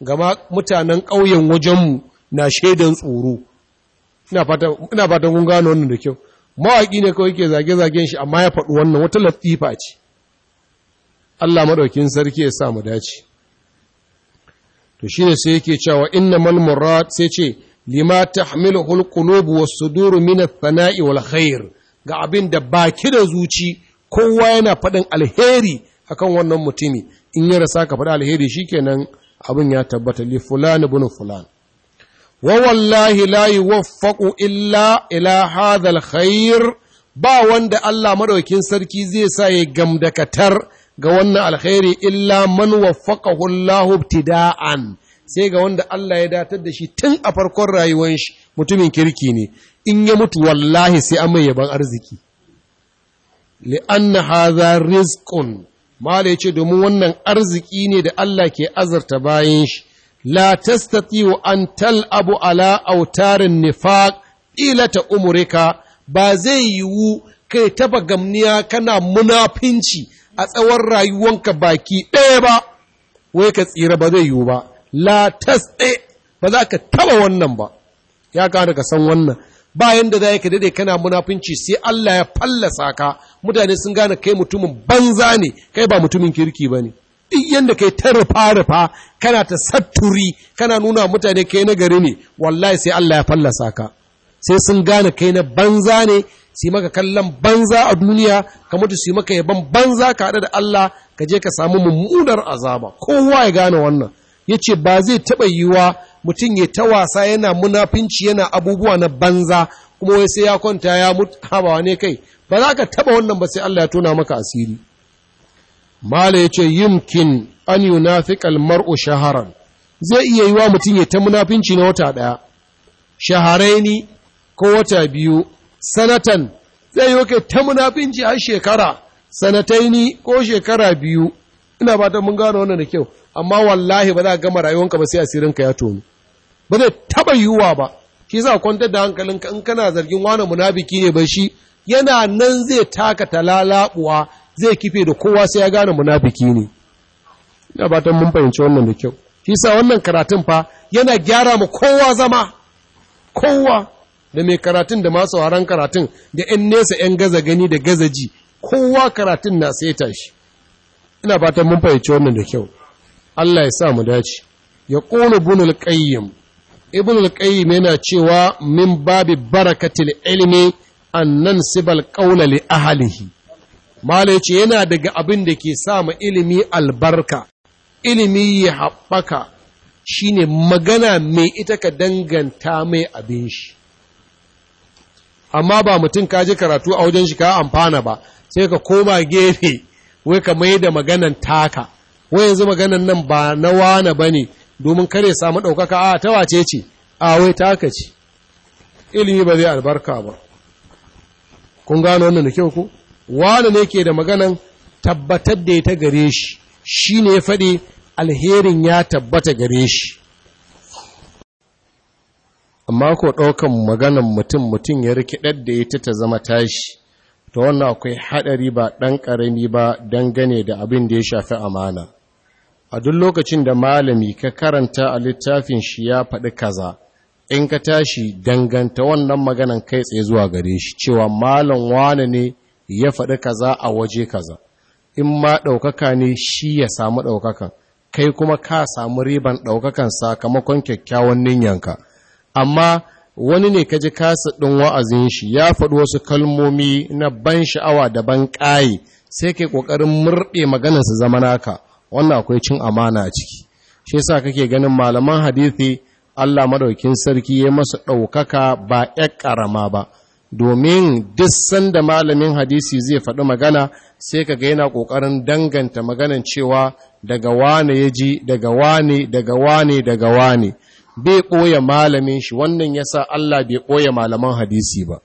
gama mutanen ƙauyen wajenmu na shaidan tsoro ina fatan kun gano wannan da kyau mawaƙi ne kawai ke zage-zagen shi amma ya faɗi wannan wata latifa ce Allah maɗaukin sarki ya sa mu dace to shi ne sai yake cewa inna murad sai ce lima tahmiluhul qulub was-sudur min ath-thana'i wal khair ga abin da baki da zuci kowa yana faɗin alheri akan wannan mutumi in ya rasa ka faɗi alheri shi shikenan abin ya tabbata li fulan ibn fulan wawallahi wallahi yi waffaƙo illa ila hadal khair ba wanda Allah madaukin sarki zai sa ya gamdakatar ga wannan alkhairi illa man waffaƙa Allah tida'an sai ga wanda Allah ya datar da shi tun a farkon rayuwar shi mutumin kirki ne in ya mutu wallahi sai an mai yaban arziki li'anna ma da mala ce domin wannan arziki ne da Allah ke azarta bayan shi la tastati'u an tal'abu ala autarin nifaq ila ta umurika ba zai yiwu kai taba gamniya kana munafinci a tsawon rayuwarka baki ɗaya ba wai ka tsira ba zai yiwu ba la tasɗe ba za ka taba wannan ba ya kada ka san wannan bayan da za ka dade kana munafinci sai Allah ya fallasa ka mutane sun gane kai mutumin banza ne kai ba mutumin kirki ba ne duk yadda kai ta rufa-rufa kana ta satturi kana nuna mutane kai na gari ne wallahi sai Allah ya fallasa ka sai sun gane kai na banza ne su maka kallon banza a duniya ka mutu su maka yaban banza ka haɗu da Allah ka je ka samu mummunar azaba kowa ya gane wannan ya ce ba zai taɓa yiwuwa mutum ya ta wasa yana munafinci yana abubuwa na banza kuma wai sai ya kwanta ya mutu habawa ne kai ba za ka taɓa wannan ba sai Allah ya tona maka asiri mala ya ce yumkin an yunafiqal mar'u shaharan zai iya yi wa mutum ya ta munafinci na wata ɗaya shaharaini ko wata biyu sanatan zai yi wake ta munafinci har shekara sanataini ko shekara biyu ina ba ta mun gano wannan da kyau amma wallahi ba za a gama rayuwanka ba sai ka ya tonu ba zai taɓa yiwuwa ba shi za kwantar da ka, in kana zargin wani munafiki ne ba shi yana nan zai taka talalabuwa zai kife da kowa sai ya gane munafiki ne ina ba mun fahimci wannan da kyau shi sa wannan karatun fa yana gyara mu kowa zama kowa da mai karatun da masu haran karatun da 'yan nesa 'yan gaza gani da gaza ji kowa karatun na saita shi ina fatan mun fahimci wannan da kyau Allah ya sa mu dace ya qulu bunul qayyim al qayyim yana cewa min babi barakatil ilmi annansibal sibal qawla li ahlihi Malai ce yana daga abin da ke sa ilimi albarka, ilimi ya haɓaka shi ne magana mai ita ka danganta mai abin shi. Amma ba mutum ka ji karatu a wajen shi ka amfana ba, sai ka koma gefe, wai ka mai da maganan taka, wai yanzu maganan nan ba na wane ba ne, domin kare samu ɗaukaka a ta wace ce, a wai taka ce. Ilimi ba zai albarka ba. Kun gano wannan da kyau ku? wani ne ke da maganan tabbatar da ita gare shi shi ne ya faɗi alherin ya tabbata gare shi amma ko ɗaukan maganan mutum mutum ya rikidar da ita ta zama tashi ta wannan akwai haɗari ba ɗan ƙarami ba dangane da abin da ya shafi amana a duk lokacin da malami ka karanta a littafin shi ya faɗi kaza in ka tashi danganta wannan maganan kai tsaye zuwa gare shi cewa malam wane ne ya faɗi kaza a waje kaza in ma ɗaukaka ne shi ya samu ɗaukakan kai kuma ka samu riban ɗaukakan sakamakon kyakkyawan ninyanka amma wani ne ka ji kasa ɗin wa'azin shi ya faɗi wasu kalmomi na ban sha'awa da ban ƙayi sai ke ƙoƙarin murɗe maganarsa zama naka wannan akwai cin amana a ciki shi yasa kake ganin malaman hadithi Allah madaukin sarki ya masa ɗaukaka ba ƴar ƙarama ba domin duk sanda malamin hadisi zai faɗi magana sai ka ga yana ƙoƙarin danganta maganan cewa daga wane ya ji daga wane daga wane daga wane bai ɓoye malamin shi wannan ya sa Allah bai ɓoye malaman hadisi ba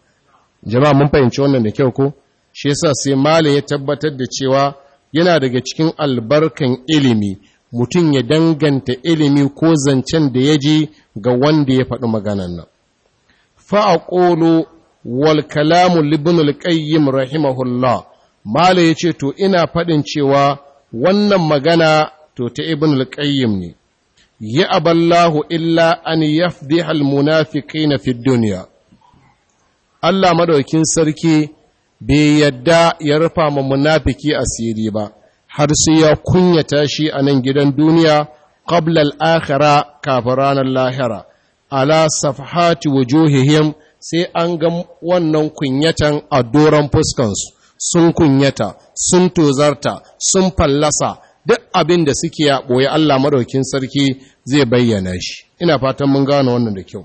jama'a mun fahimci wannan da kyau ko shi yasa sai malam ya tabbatar da cewa yana daga cikin albarkan ilimi mutum ya danganta ilimi ko zancen da ya ji ga wanda ya faɗi maganan nan fa'aqulu wal kalamu libin alƙayyim rahimahullah mala ya ce to ina faɗin cewa wannan magana to ta ibn alƙayyim ne yi aballahu illa an yafdi munafikai na fi duniya Allah maɗaukin sarki bai yadda ya rufa ma munafiki asiri ba har sai ya kunyata shi a nan gidan duniya qabla al-akhirah kafin ranar lahira ala safhati wujuhihim sai an ga wannan kunyatan a doron fuskansu sun kunyata sun tozarta sun fallasa duk abin da suke ya ɓoye Allah maɗaukin sarki zai bayyana shi ina fatan mun gane wannan da kyau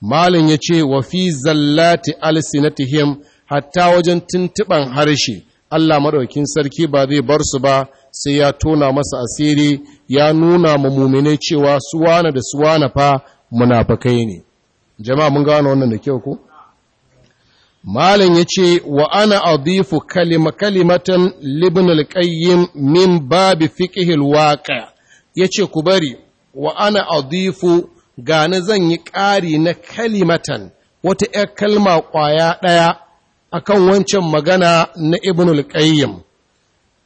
malin ya ce wa fi zallati alsinatihim hatta wajen tuntuɓan harshe Allah maɗaukin sarki ba zai bar su ba sai ya tona masa asiri ya nuna ma mumine cewa suwana da suwana fa munafakai ne jama'a mun gano wannan da kyau ko malam yace wa ana adifu kalima kalimatan libn al-qayyim min babi fiqh al-waqi yace ku bari wa ana adifu gane zan yi ƙari na kalimatan wata ‘yar kalma ƙwaya ɗaya akan wancan magana na ibn al-qayyim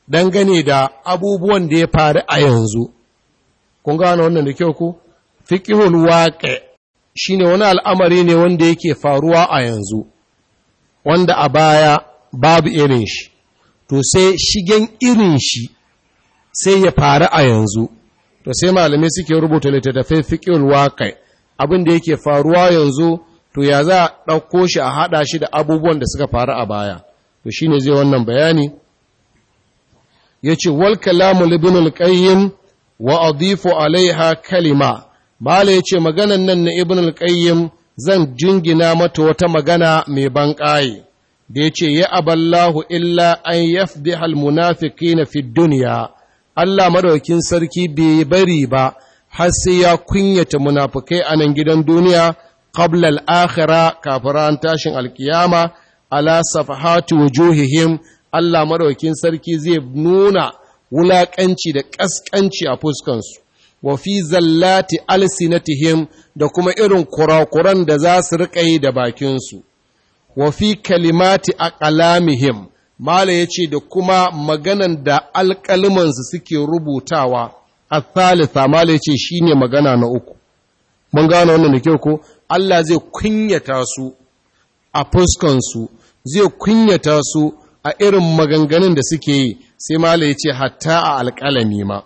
dangane da abubuwan da ya faru a yanzu kun gano wannan da kyau ku fiqhul waqi Shi ne wani al'amari ne wanda yake faruwa a yanzu wanda a baya babu irin shi to sai shigen irin shi sai ya faru a yanzu to sai malamai suke rubuta littattafai fiqhul waqi abin da yake faruwa yanzu to ya za a ɗauko shi a haɗa shi da abubuwan da suka faru a baya to shi ne zai wannan bayani ce wal kalamu libinul qayyim wa adifu alaiha kalima Bala ya ce maganan nan na Ibn al zan jingina mata wata magana mai ban ƙaye, da ya ce, Ya aballahu illa an yafdi halmunafiki na fi duniya, Allah madaukin sarki bai bari ba, har sai ya kunyata munafukai a nan gidan duniya, qabla akhira kafin tashin alkiyama, ala safahati wujuhihim Allah madaukin sarki zai nuna wulaƙanci da ƙasƙanci a fuskansu. wa fi zallati alsinatihim da kuma irin kurakuran da za su riƙa yi da bakinsu wa fi kalimati aqlamihim mala ce da kuma maganan da alƙalimansu suke rubutawa a thalitha mala shi shine magana na uku mun gano wannan da kyau ko Allah zai kunyata su a fuskansu zai kunyata su a irin maganganun da suke yi sai mala yace hatta a alƙalami ma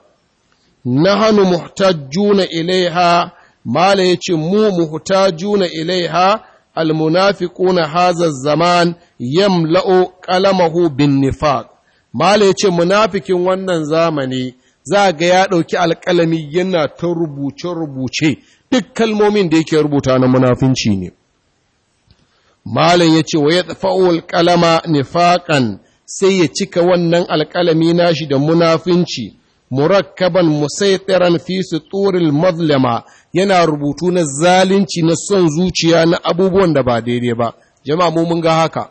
nahanu muhtajjuna ilaiha mala yace mu muhtajjuna ilaiha almunafiquna haza zaman yamla'u qalamahu bin nifaq mala yace munafikin wannan zamani za ga ya ɗauki alƙalami yana ta rubuce-rubuce duk kalmomin da yake rubuta na munafinci ne. Malam yace ce wa ya tsafa'ul sai ya cika wannan alƙalami nashi da munafinci murakkaban musaitiran fi suturil mazlama yana rubutu na zalunci na son zuciya na abubuwan da ba daidai ba jama'a mu mun ga haka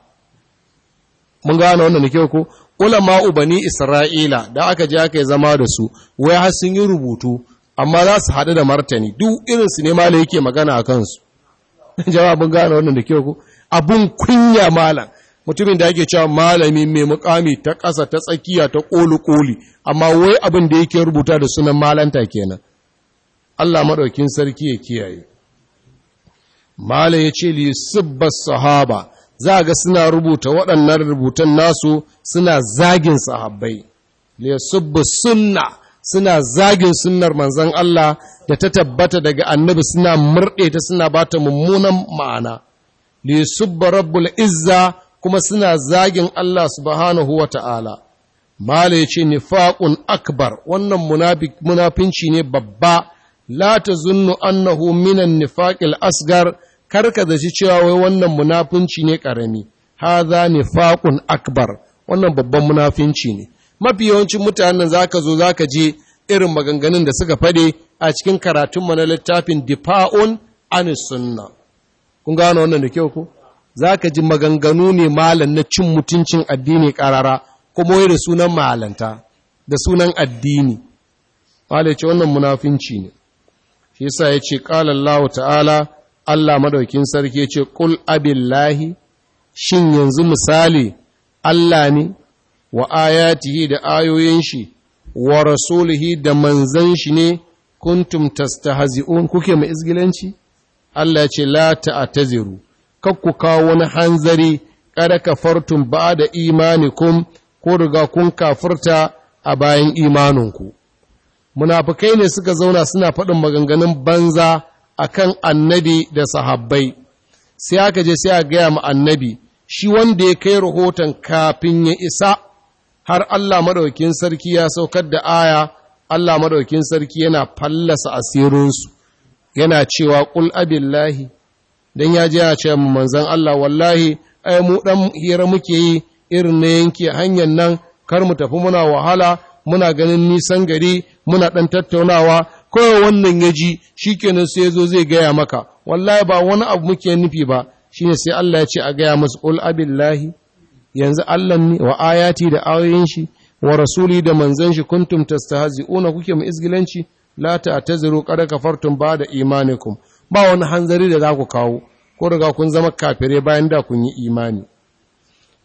mun gane wannan nake ko ulama ubani isra'ila da aka je aka yi zama da su wai har sun yi rubutu amma za su haɗu da martani duk irin su ne mala yake magana a kansu jama'a mun gane wannan da kyau ko abun kunya malam mutumin da yake cewa malami mai mukami ta ƙasa ta tsakiya ta ƙoli-ƙoli amma wai abin da yake rubuta da sunan malanta kenan Allah maɗaukin sarki ya kiyaye Malam ya ce li sahaba za ga suna rubuta waɗannan rubutan nasu suna zagin sahabbai li sunna suna zagin sunnar manzon Allah da ta tabbata daga annabi suna murɗe ta suna bata mummunan ma'ana li subba rabbul izza kuma suna zagin Allah subhanahu wa ta'ala. Mala ya ce, Nifaƙun akbar, wannan munafinci ne babba, la ta zunnu annahu minan nifaƙil asgar, karka da shi cewa wai wannan munafinci ne ƙarami, ha za nifaƙun akbar, wannan babban munafinci ne. Mafi yawancin mutanen za ka zo za ka je irin maganganun da suka faɗe a cikin karatunmu na littafin Difa'un anisunna. Kun gano wannan da kyau za ka ji maganganu ne malam na cin mutuncin addini ƙarara kuma wai da sunan malanta da sunan addini malai ce wannan munafinci ne shi yasa ya ce ƙalallahu ta'ala Allah madaukin sarki ya ce ƙul abillahi shin yanzu misali Allah ne wa ayatihi da ayoyin shi wa rasulihi da manzan shi ne kuntum tastahzi'un kuke mai izgilanci Allah ya ce la ta'taziru kakku kawo wani hanzari kada kafartun ba da imanikum ko riga kun kafurta a bayan imaninku munafukai ne suka zauna suna faɗin maganganun banza a kan annabi da sahabbai sai aka je sai a gaya ma annabi shi wanda ya kai rahoton kafin ya isa har Allah madaukin sarki ya saukar da aya Allah madaukin sarki yana fallasa asirinsu yana cewa qul abillahi don ya je a ce manzan Allah wallahi ai mu dan hira muke yi irin na yanke hanyar nan kar mu tafi muna wahala muna ganin nisan gari muna dan tattaunawa kawai wannan ya ji shi kenan sai ya zo zai gaya maka wallahi ba wani abu muke nufi ba shi ne sai Allah ya ce a gaya masu ƙul abillahi yanzu Allah ne wa ayati da ayoyin shi wa rasuli da manzan shi kuntum tastahzi'una kuke mu izgilanci la ta'taziru qad kafartum ba'da imanikum ba wani hanzari da za ku kawo ko daga kun zama kafire bayan da kun yi imani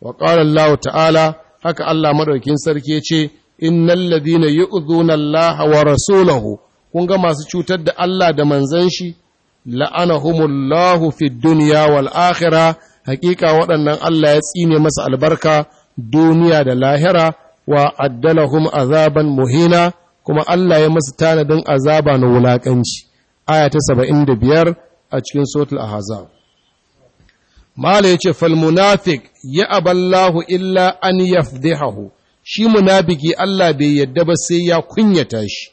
wa qala Allah ta'ala haka Allah maɗaukin sarki ya ce innal ladina yu'dhuna Allah wa rasulahu kun ga masu cutar da Allah da manzan shi la'anahumullahu fid dunya wal akhirah hakika waɗannan Allah ya tsine masa albarka duniya da lahira wa addalahum azaban muhina kuma Allah ya masu tanadin azaba na wulaƙanci aya ta biyar a cikin suratul ahzab mala yace ce falmunafik ya aballahu illa an yafdihahu shi munafiki Allah bai yadda ba sai ya kunyata shi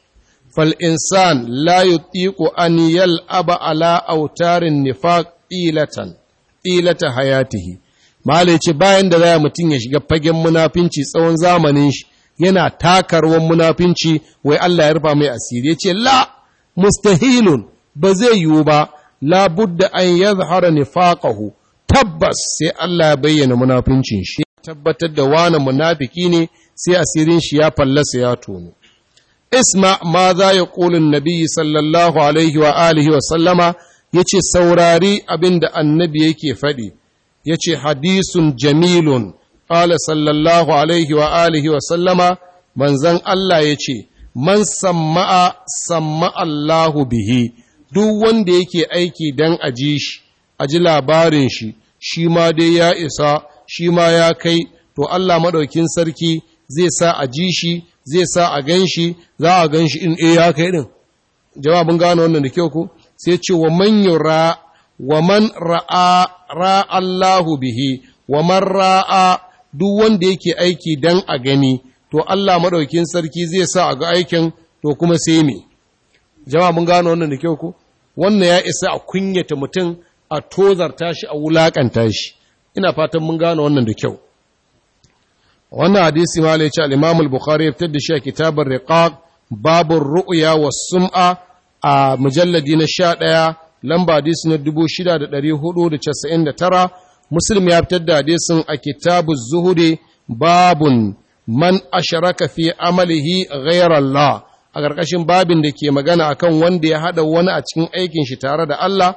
fal insan la yutiqu an yal'aba ala autarin nifaq ilatan ilata hayatihi mala yace bayan da zai mutun ya shiga fagen munafinci tsawon zamanin shi yana takarwan munafinci wai Allah ya rufa mai asiri yace la mustahilun ba zai yiwu ba labudda an yazhara nifaqahu tabbas sai Allah ya bayyana munafincin shi tabbatar da wani munafiki ne sai asirin shi ya fallasa ya tono isma ma za ya ƙolin nabi sallallahu alaihi wa alihi wa sallama ya ce saurari abin da annabi yake faɗi ya ce hadisun jamilun ƙala sallallahu alaihi wa alihi wa sallama manzan Allah ya ce man samma'a samma'a Allahu bihi duk wanda yake aiki dan aji shi aji labarin shi shi ma dai ya isa shi ma ya kai to Allah maɗaukin sarki zai sa a shi zai sa a gan shi za a gan shi in e ya kai din jawabin gano wannan da kyau ku sai ce wa man yura wa man ra'a ra Allahu bihi wa man ra'a duk wanda yake aiki dan a gani to Allah maɗaukin sarki zai sa a ga aikin to kuma sai me jama'a mun gano wannan da kyau ko wannan ya isa a kunyata mutum a tozarta shi a wulakanta shi ina fatan mun gano wannan da kyau wannan hadisi ma lai yace al-Imam bukhari ya fitar da shi a kitabar Riqaq babu ru'ya was sum'a a mujalladi na 11 lamba hadisi na 6499 Muslim ya fitar da hadisin a kitabu Zuhuri babun man asharaka fi amalihi ghayra Allah a ƙarƙashin babin da ke magana akan wanda ya haɗa wani a cikin aikin shi tare da Allah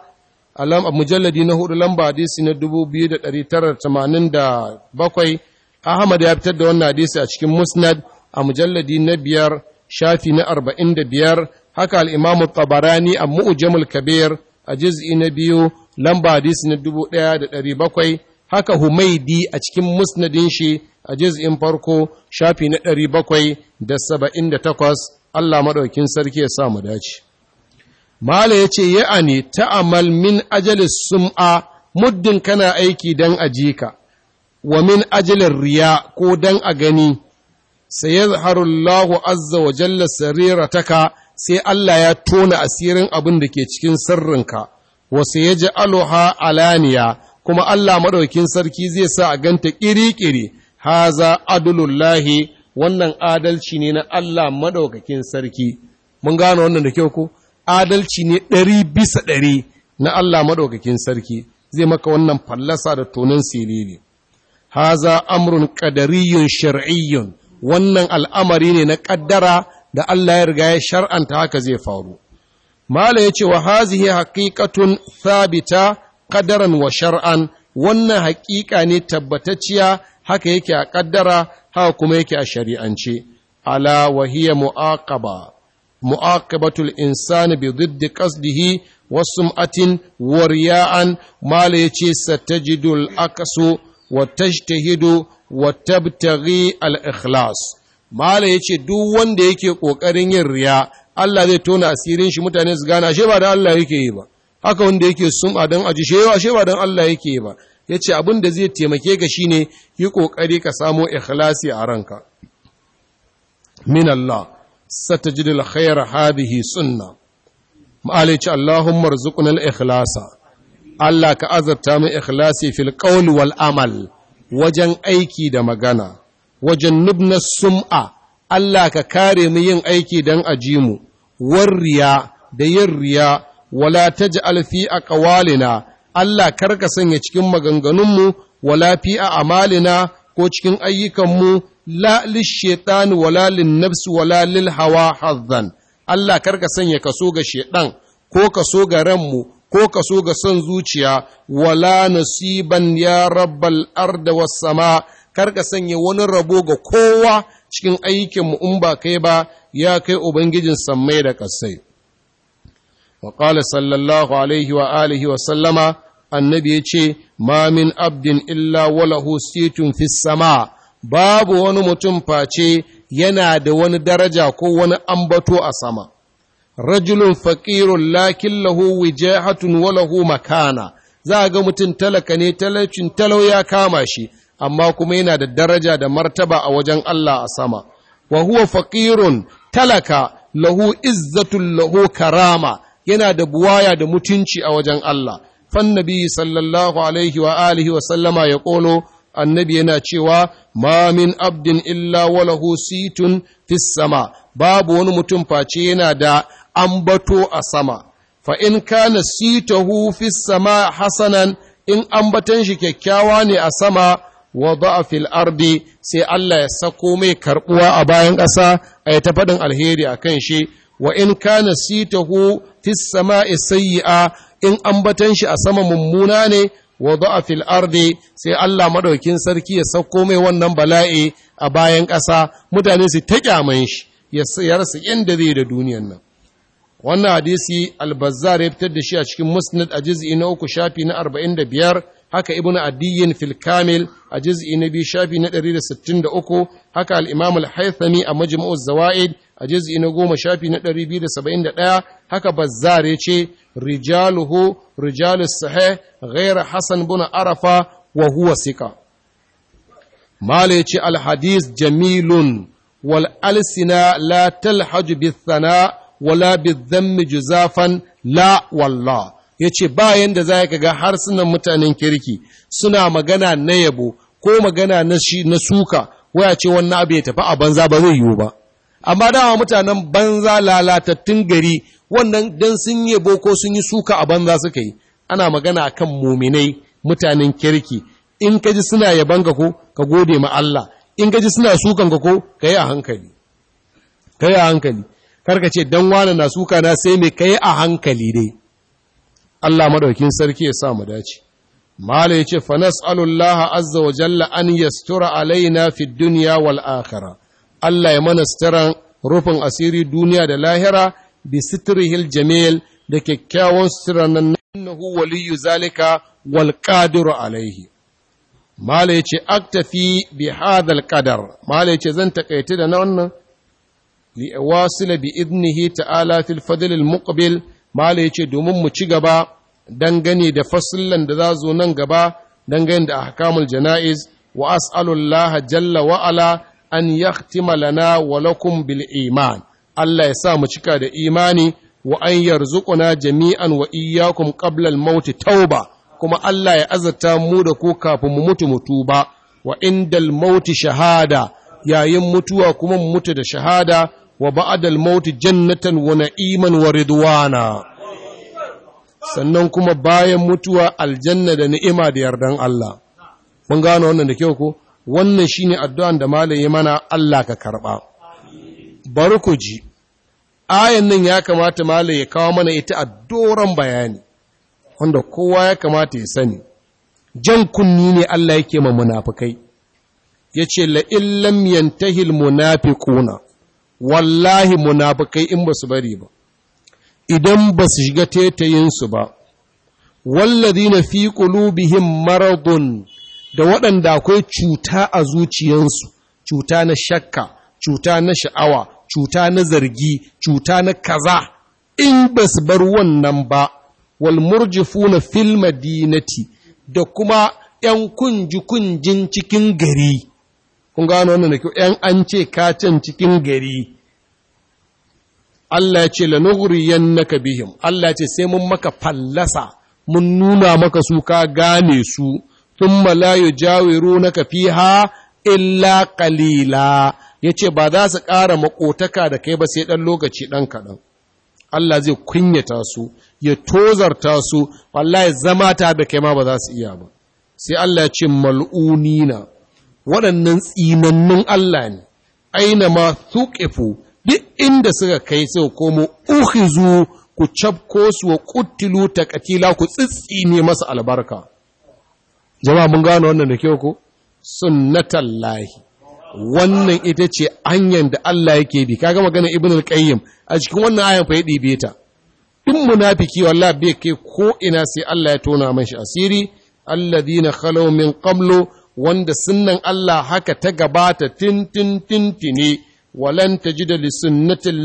alam mujalladi na hudu lamba hadisi na 2987 Ahmad ya fitar da wannan hadisi a cikin Musnad a mujalladi na biyar shafi na 45 haka al-Imam tabarani a Mu'jamul Kabir a juz'i na biyu lamba hadisi na 1700 haka humaidi a cikin musnadin shi a jiz'in farko shafi na ɗari da da saba'in 778 Allah maɗaukin sarki ya sa mu dace mala yace ya'ani ta'amal min ajali sum'a muddin kana aiki dan ka, wa min ajalin riya ko dan a gani sai Allahu azza wa jalla ka, sai Allah ya tona asirin abin da ke cikin sirrinka wa sai ya ji aloha alaniya kuma Allah maɗaukin sarki zai sa a ganta ƙiri-ƙiri, haza adulullahi wannan adalci ne na Allah maɗaukakin sarki. Mun gano wannan da kyau ko? Adalci ne ɗari bisa ɗari na Allah maɗaukakin sarki, zai maka wannan fallasa da tonon siriri. Haza amrun ƙadariyun shar'iyyun, wannan al'amari ne na ƙaddara da Allah ya riga ya shar'anta haka zai faru. Mala ya ce wa hazihi haƙiƙatun thabita qadaran wa shar'an wannan haƙiƙa ne tabbatacciya haka yake a ƙaddara haka kuma yake a shari'ance ala wa hiya mu'aqaba mu'aqabatul insani bi diddi qasdihi wa sum'atin wa riya'an mala yace satajidul aqsu wa tajtahidu wa tabtaghi al ikhlas mala yace duk wanda yake kokarin yin riya Allah zai tona asirin shi mutane su gane shi ba da Allah yake yi ba haka wanda yake sum'a don aji shewa shewa don Allah yake ba ya ce abin da zai taimake ka ne yi ƙoƙari ka samo ikhlasi a ranka min Allah ji dila khayar hadhihi sunna ma'alici Allahumma rzuqna ikhlasa Allah ka azabta mu ikhlasi fil qawl wal amal wajen aiki da magana wajen nubna sum'a Allah ka kare mu yin aiki don aji mu warriya da yin riya wala ta ji alfi a ƙawalina, Allah karka sanya cikin maganganunmu wala fi a a'malina ko cikin ayyukanmu la lishaitani wala nafsu wala lil hawa hazzan Allah karka sanya kaso ga shedan ko kaso ga ranmu ko kaso ga son zuciya wala nasiban ya rabbal arda was sama karka sanya wani rabo ga kowa cikin aikin mu in ba kai ba ya kai ubangijin sammai da kasai wa qala sallallahu alaihi wa alihi wa sallama annabi yace ma min abdin illa walahu situn fisama sama babu wani mutum face yana da wani daraja ko wani ambato a sama rajulun faƙirun lakin lahu wala walahu makana za a ga mutum talaka ne talacin talau ya kama shi amma kuma yana da daraja da martaba a wajen Allah a sama wa huwa talaka lahu izzatun lahu karama yana da buwaya da mutunci a wajen Allah fannabi sallallahu alaihi wa alihi wa sallama ya ƙolo annabi yana cewa ma min abdin illa walahu situn fis sama babu wani mutum face yana da ambato a sama fa in kana sitahu fis sama hasanan in ambatan shi kyakkyawa ne a sama ba a fil ardi sai Allah ya sako mai karɓuwa a bayan ƙasa a ya ta faɗin alheri a kan shi wa in kana sitahu fis sama'i sayyi'a in ambatan shi a sama mummuna ne wa da'a fil ardi sai Allah madaukin sarki ya sauko mai wannan bala'i a bayan ƙasa mutane su ta kyaman shi ya rasa inda zai da duniyan nan wannan hadisi al-bazzar ya fitar da shi a cikin musnad a juz'i na uku shafi na 45 haka ibnu adiyyin fil kamil a juz'i na biyu shafi na 163 haka al-imam al-haythami a majmu'uz zawaid a juz'i na goma shafi na ɗari biyu da da saba'in ɗaya, haka bazzare ce rijaluhu rijalus sahih ghayr hasan bin arafa wa huwa sika mala yace al hadith jamilun wal alsina la talhaj bi thana wala bi dhammi juzafan la wallah yace bayan da za ka ga harsunan mutanen kirki suna magana na yabo ko magana na suka waya ce wannan abu ya tafi a banza ba zai yiwu ba amma wa mutanen banza lalatattun gari wannan don sun yi boko sun yi suka a banza suka yi ana magana kan muminai mutanen kirki in kaji suna yaban ka ko ka gode ma Allah in kaji suna sukan ka ko ka yi a hankali ka yi a hankali karka ce dan wani na suka na sai mai ka yi a hankali dai Allah madaukin sarki ya sa mu dace mala ce fa nas'alullaha azza wa jalla an yastura alaina fid dunya wal akhirah Allah ya mana sitaran rufin asiri duniya da lahira bi sitrihil jamil da kyakkyawan sitiran nan innahu waliyyu zalika wal qadiru alaihi mala yace aktafi bi hadal qadar mala yace zan takaita da wannan li wasila bi idnihi ta'ala fil fadl al muqbil mala yace domin mu ci gaba dangane da fasillan da za zo nan gaba dangane da ahkamul jana'iz wa as'alullaha jalla wa ala an yaktima lana walakum bil iman Allah ya sa mu cika da imani wa an yarzuquna jami'an wa iyyakum qabla al tauba kuma Allah ya azata mu da ku kafin mu mutu mutu ba wa indal maut shahada yayin mutuwa kuma mu mutu da shahada wa ba'dal maut jannatan wa na'iman wa ridwana sannan kuma bayan mutuwa aljanna da ni'ima da yardan Allah mun gano wannan da kyau ko wannan shi ne addu'an da malaye mana Allah ka karɓa. bari ku ji ayan nan ya kamata malaye ya kawo mana ita a doron bayani wanda kowa ya kamata ya sani jan kunni ne Allah yake ma munafukai. Ya ce la’illam yantahil munafiquna wallahi munafukai in basu bari ba idan ba su shiga tetayin su ba wallazina fi qulubihim maradun da waɗanda akwai cuta a zuciyansu cuta na shakka cuta na sha'awa cuta na zargi cuta na kaza in ba su bar wannan ba wal na filma madinati da kuma ‘yan kunji-kunjin cikin gari, kun gano wannan da kyau, ‘yan an ce kacin cikin gari, Allah ya ce, lanuguriyan na kabihim, Allah ya ce, sai mun maka fallasa, mun nuna maka su ka gane su, thumma la yujawirunaka fiha illa qalila yace ba za su ƙara makotaka da kai ba sai dan lokaci dan kaɗan. Allah zai kunyata su ya tozarta su wallahi zama ta da kai ma ba za su iya ba sai Allah ya ce mal'unina waɗannan tsinannun Allah ne aina ma thuqifu duk inda suka kai sai komo uhizu ku cafko su wa kuttilu takatila ku tsitsine masa albarka jama'a mun gano wannan da kyau ko sunnatul lahi wannan ita ce hanyar da Allah yake bi kaga magana ibn al-qayyim a cikin wannan ayan fa ya dibe ta in munafiki wallahi bai kai ko ina sai Allah ya tona man shi asiri alladhina khalaw min qablu wanda sunnan Allah haka ta gabata tin tini walan tajida li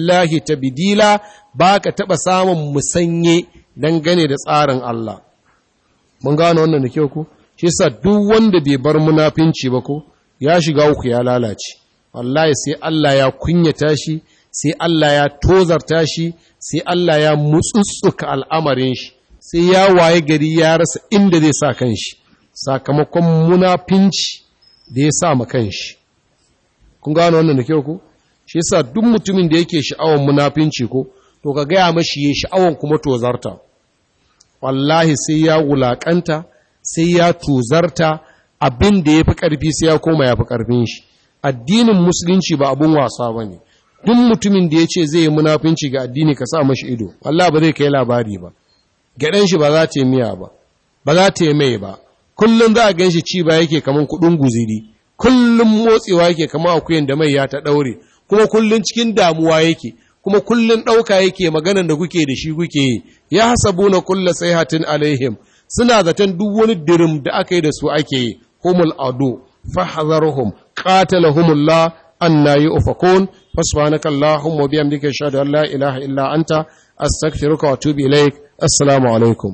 lahi tabdila baka taba samun musanye dangane da tsarin Allah mun gano wannan da kyau ko shi sa duk wanda bai bar munafinci ba ko ya shiga uku ya lalace wallahi sai Allah ya kunyata shi sai Allah ya tozarta shi sai Allah ya mutsutsuka al'amarin shi sai ya waye gari ya rasa inda zai sa kanshi sakamakon munafinci da ya sa ma kanshi kun gano wannan da kyau ko shi sa duk mutumin da yake sha'awar munafinci ko to ka gaya mashi ya sha'awan kuma tozarta wallahi sai ya wulakanta sai ya tuzarta abin da ya fi ƙarfi sai ya koma ya fi ƙarfin shi addinin musulunci ba abin wasa ba ne duk mutumin da ya ce zai yi munafinci ga addini ka sa mashi ido Allah ba zai kai labari ba gyaɗan shi ba za ta yi miya ba ba za ta yi mai ba kullum za a gan shi ci ba yake kamar kuɗin guziri kullum motsewa yake kamar akuyan da mai ya ta ɗaure kuma kullum cikin damuwa yake kuma kullum ɗauka yake maganan da kuke da shi kuke yi ya hasabu na kulla hatin alaihim suna zaton duk wani dirim da aka yi da su ake yi humul adu fahzarhum qatalahumullah anna ofakon fasbanaka allahumma bihamdika ashhadu an la ilaha illa anta astaghfiruka wa atubu ilaik assalamu alaikum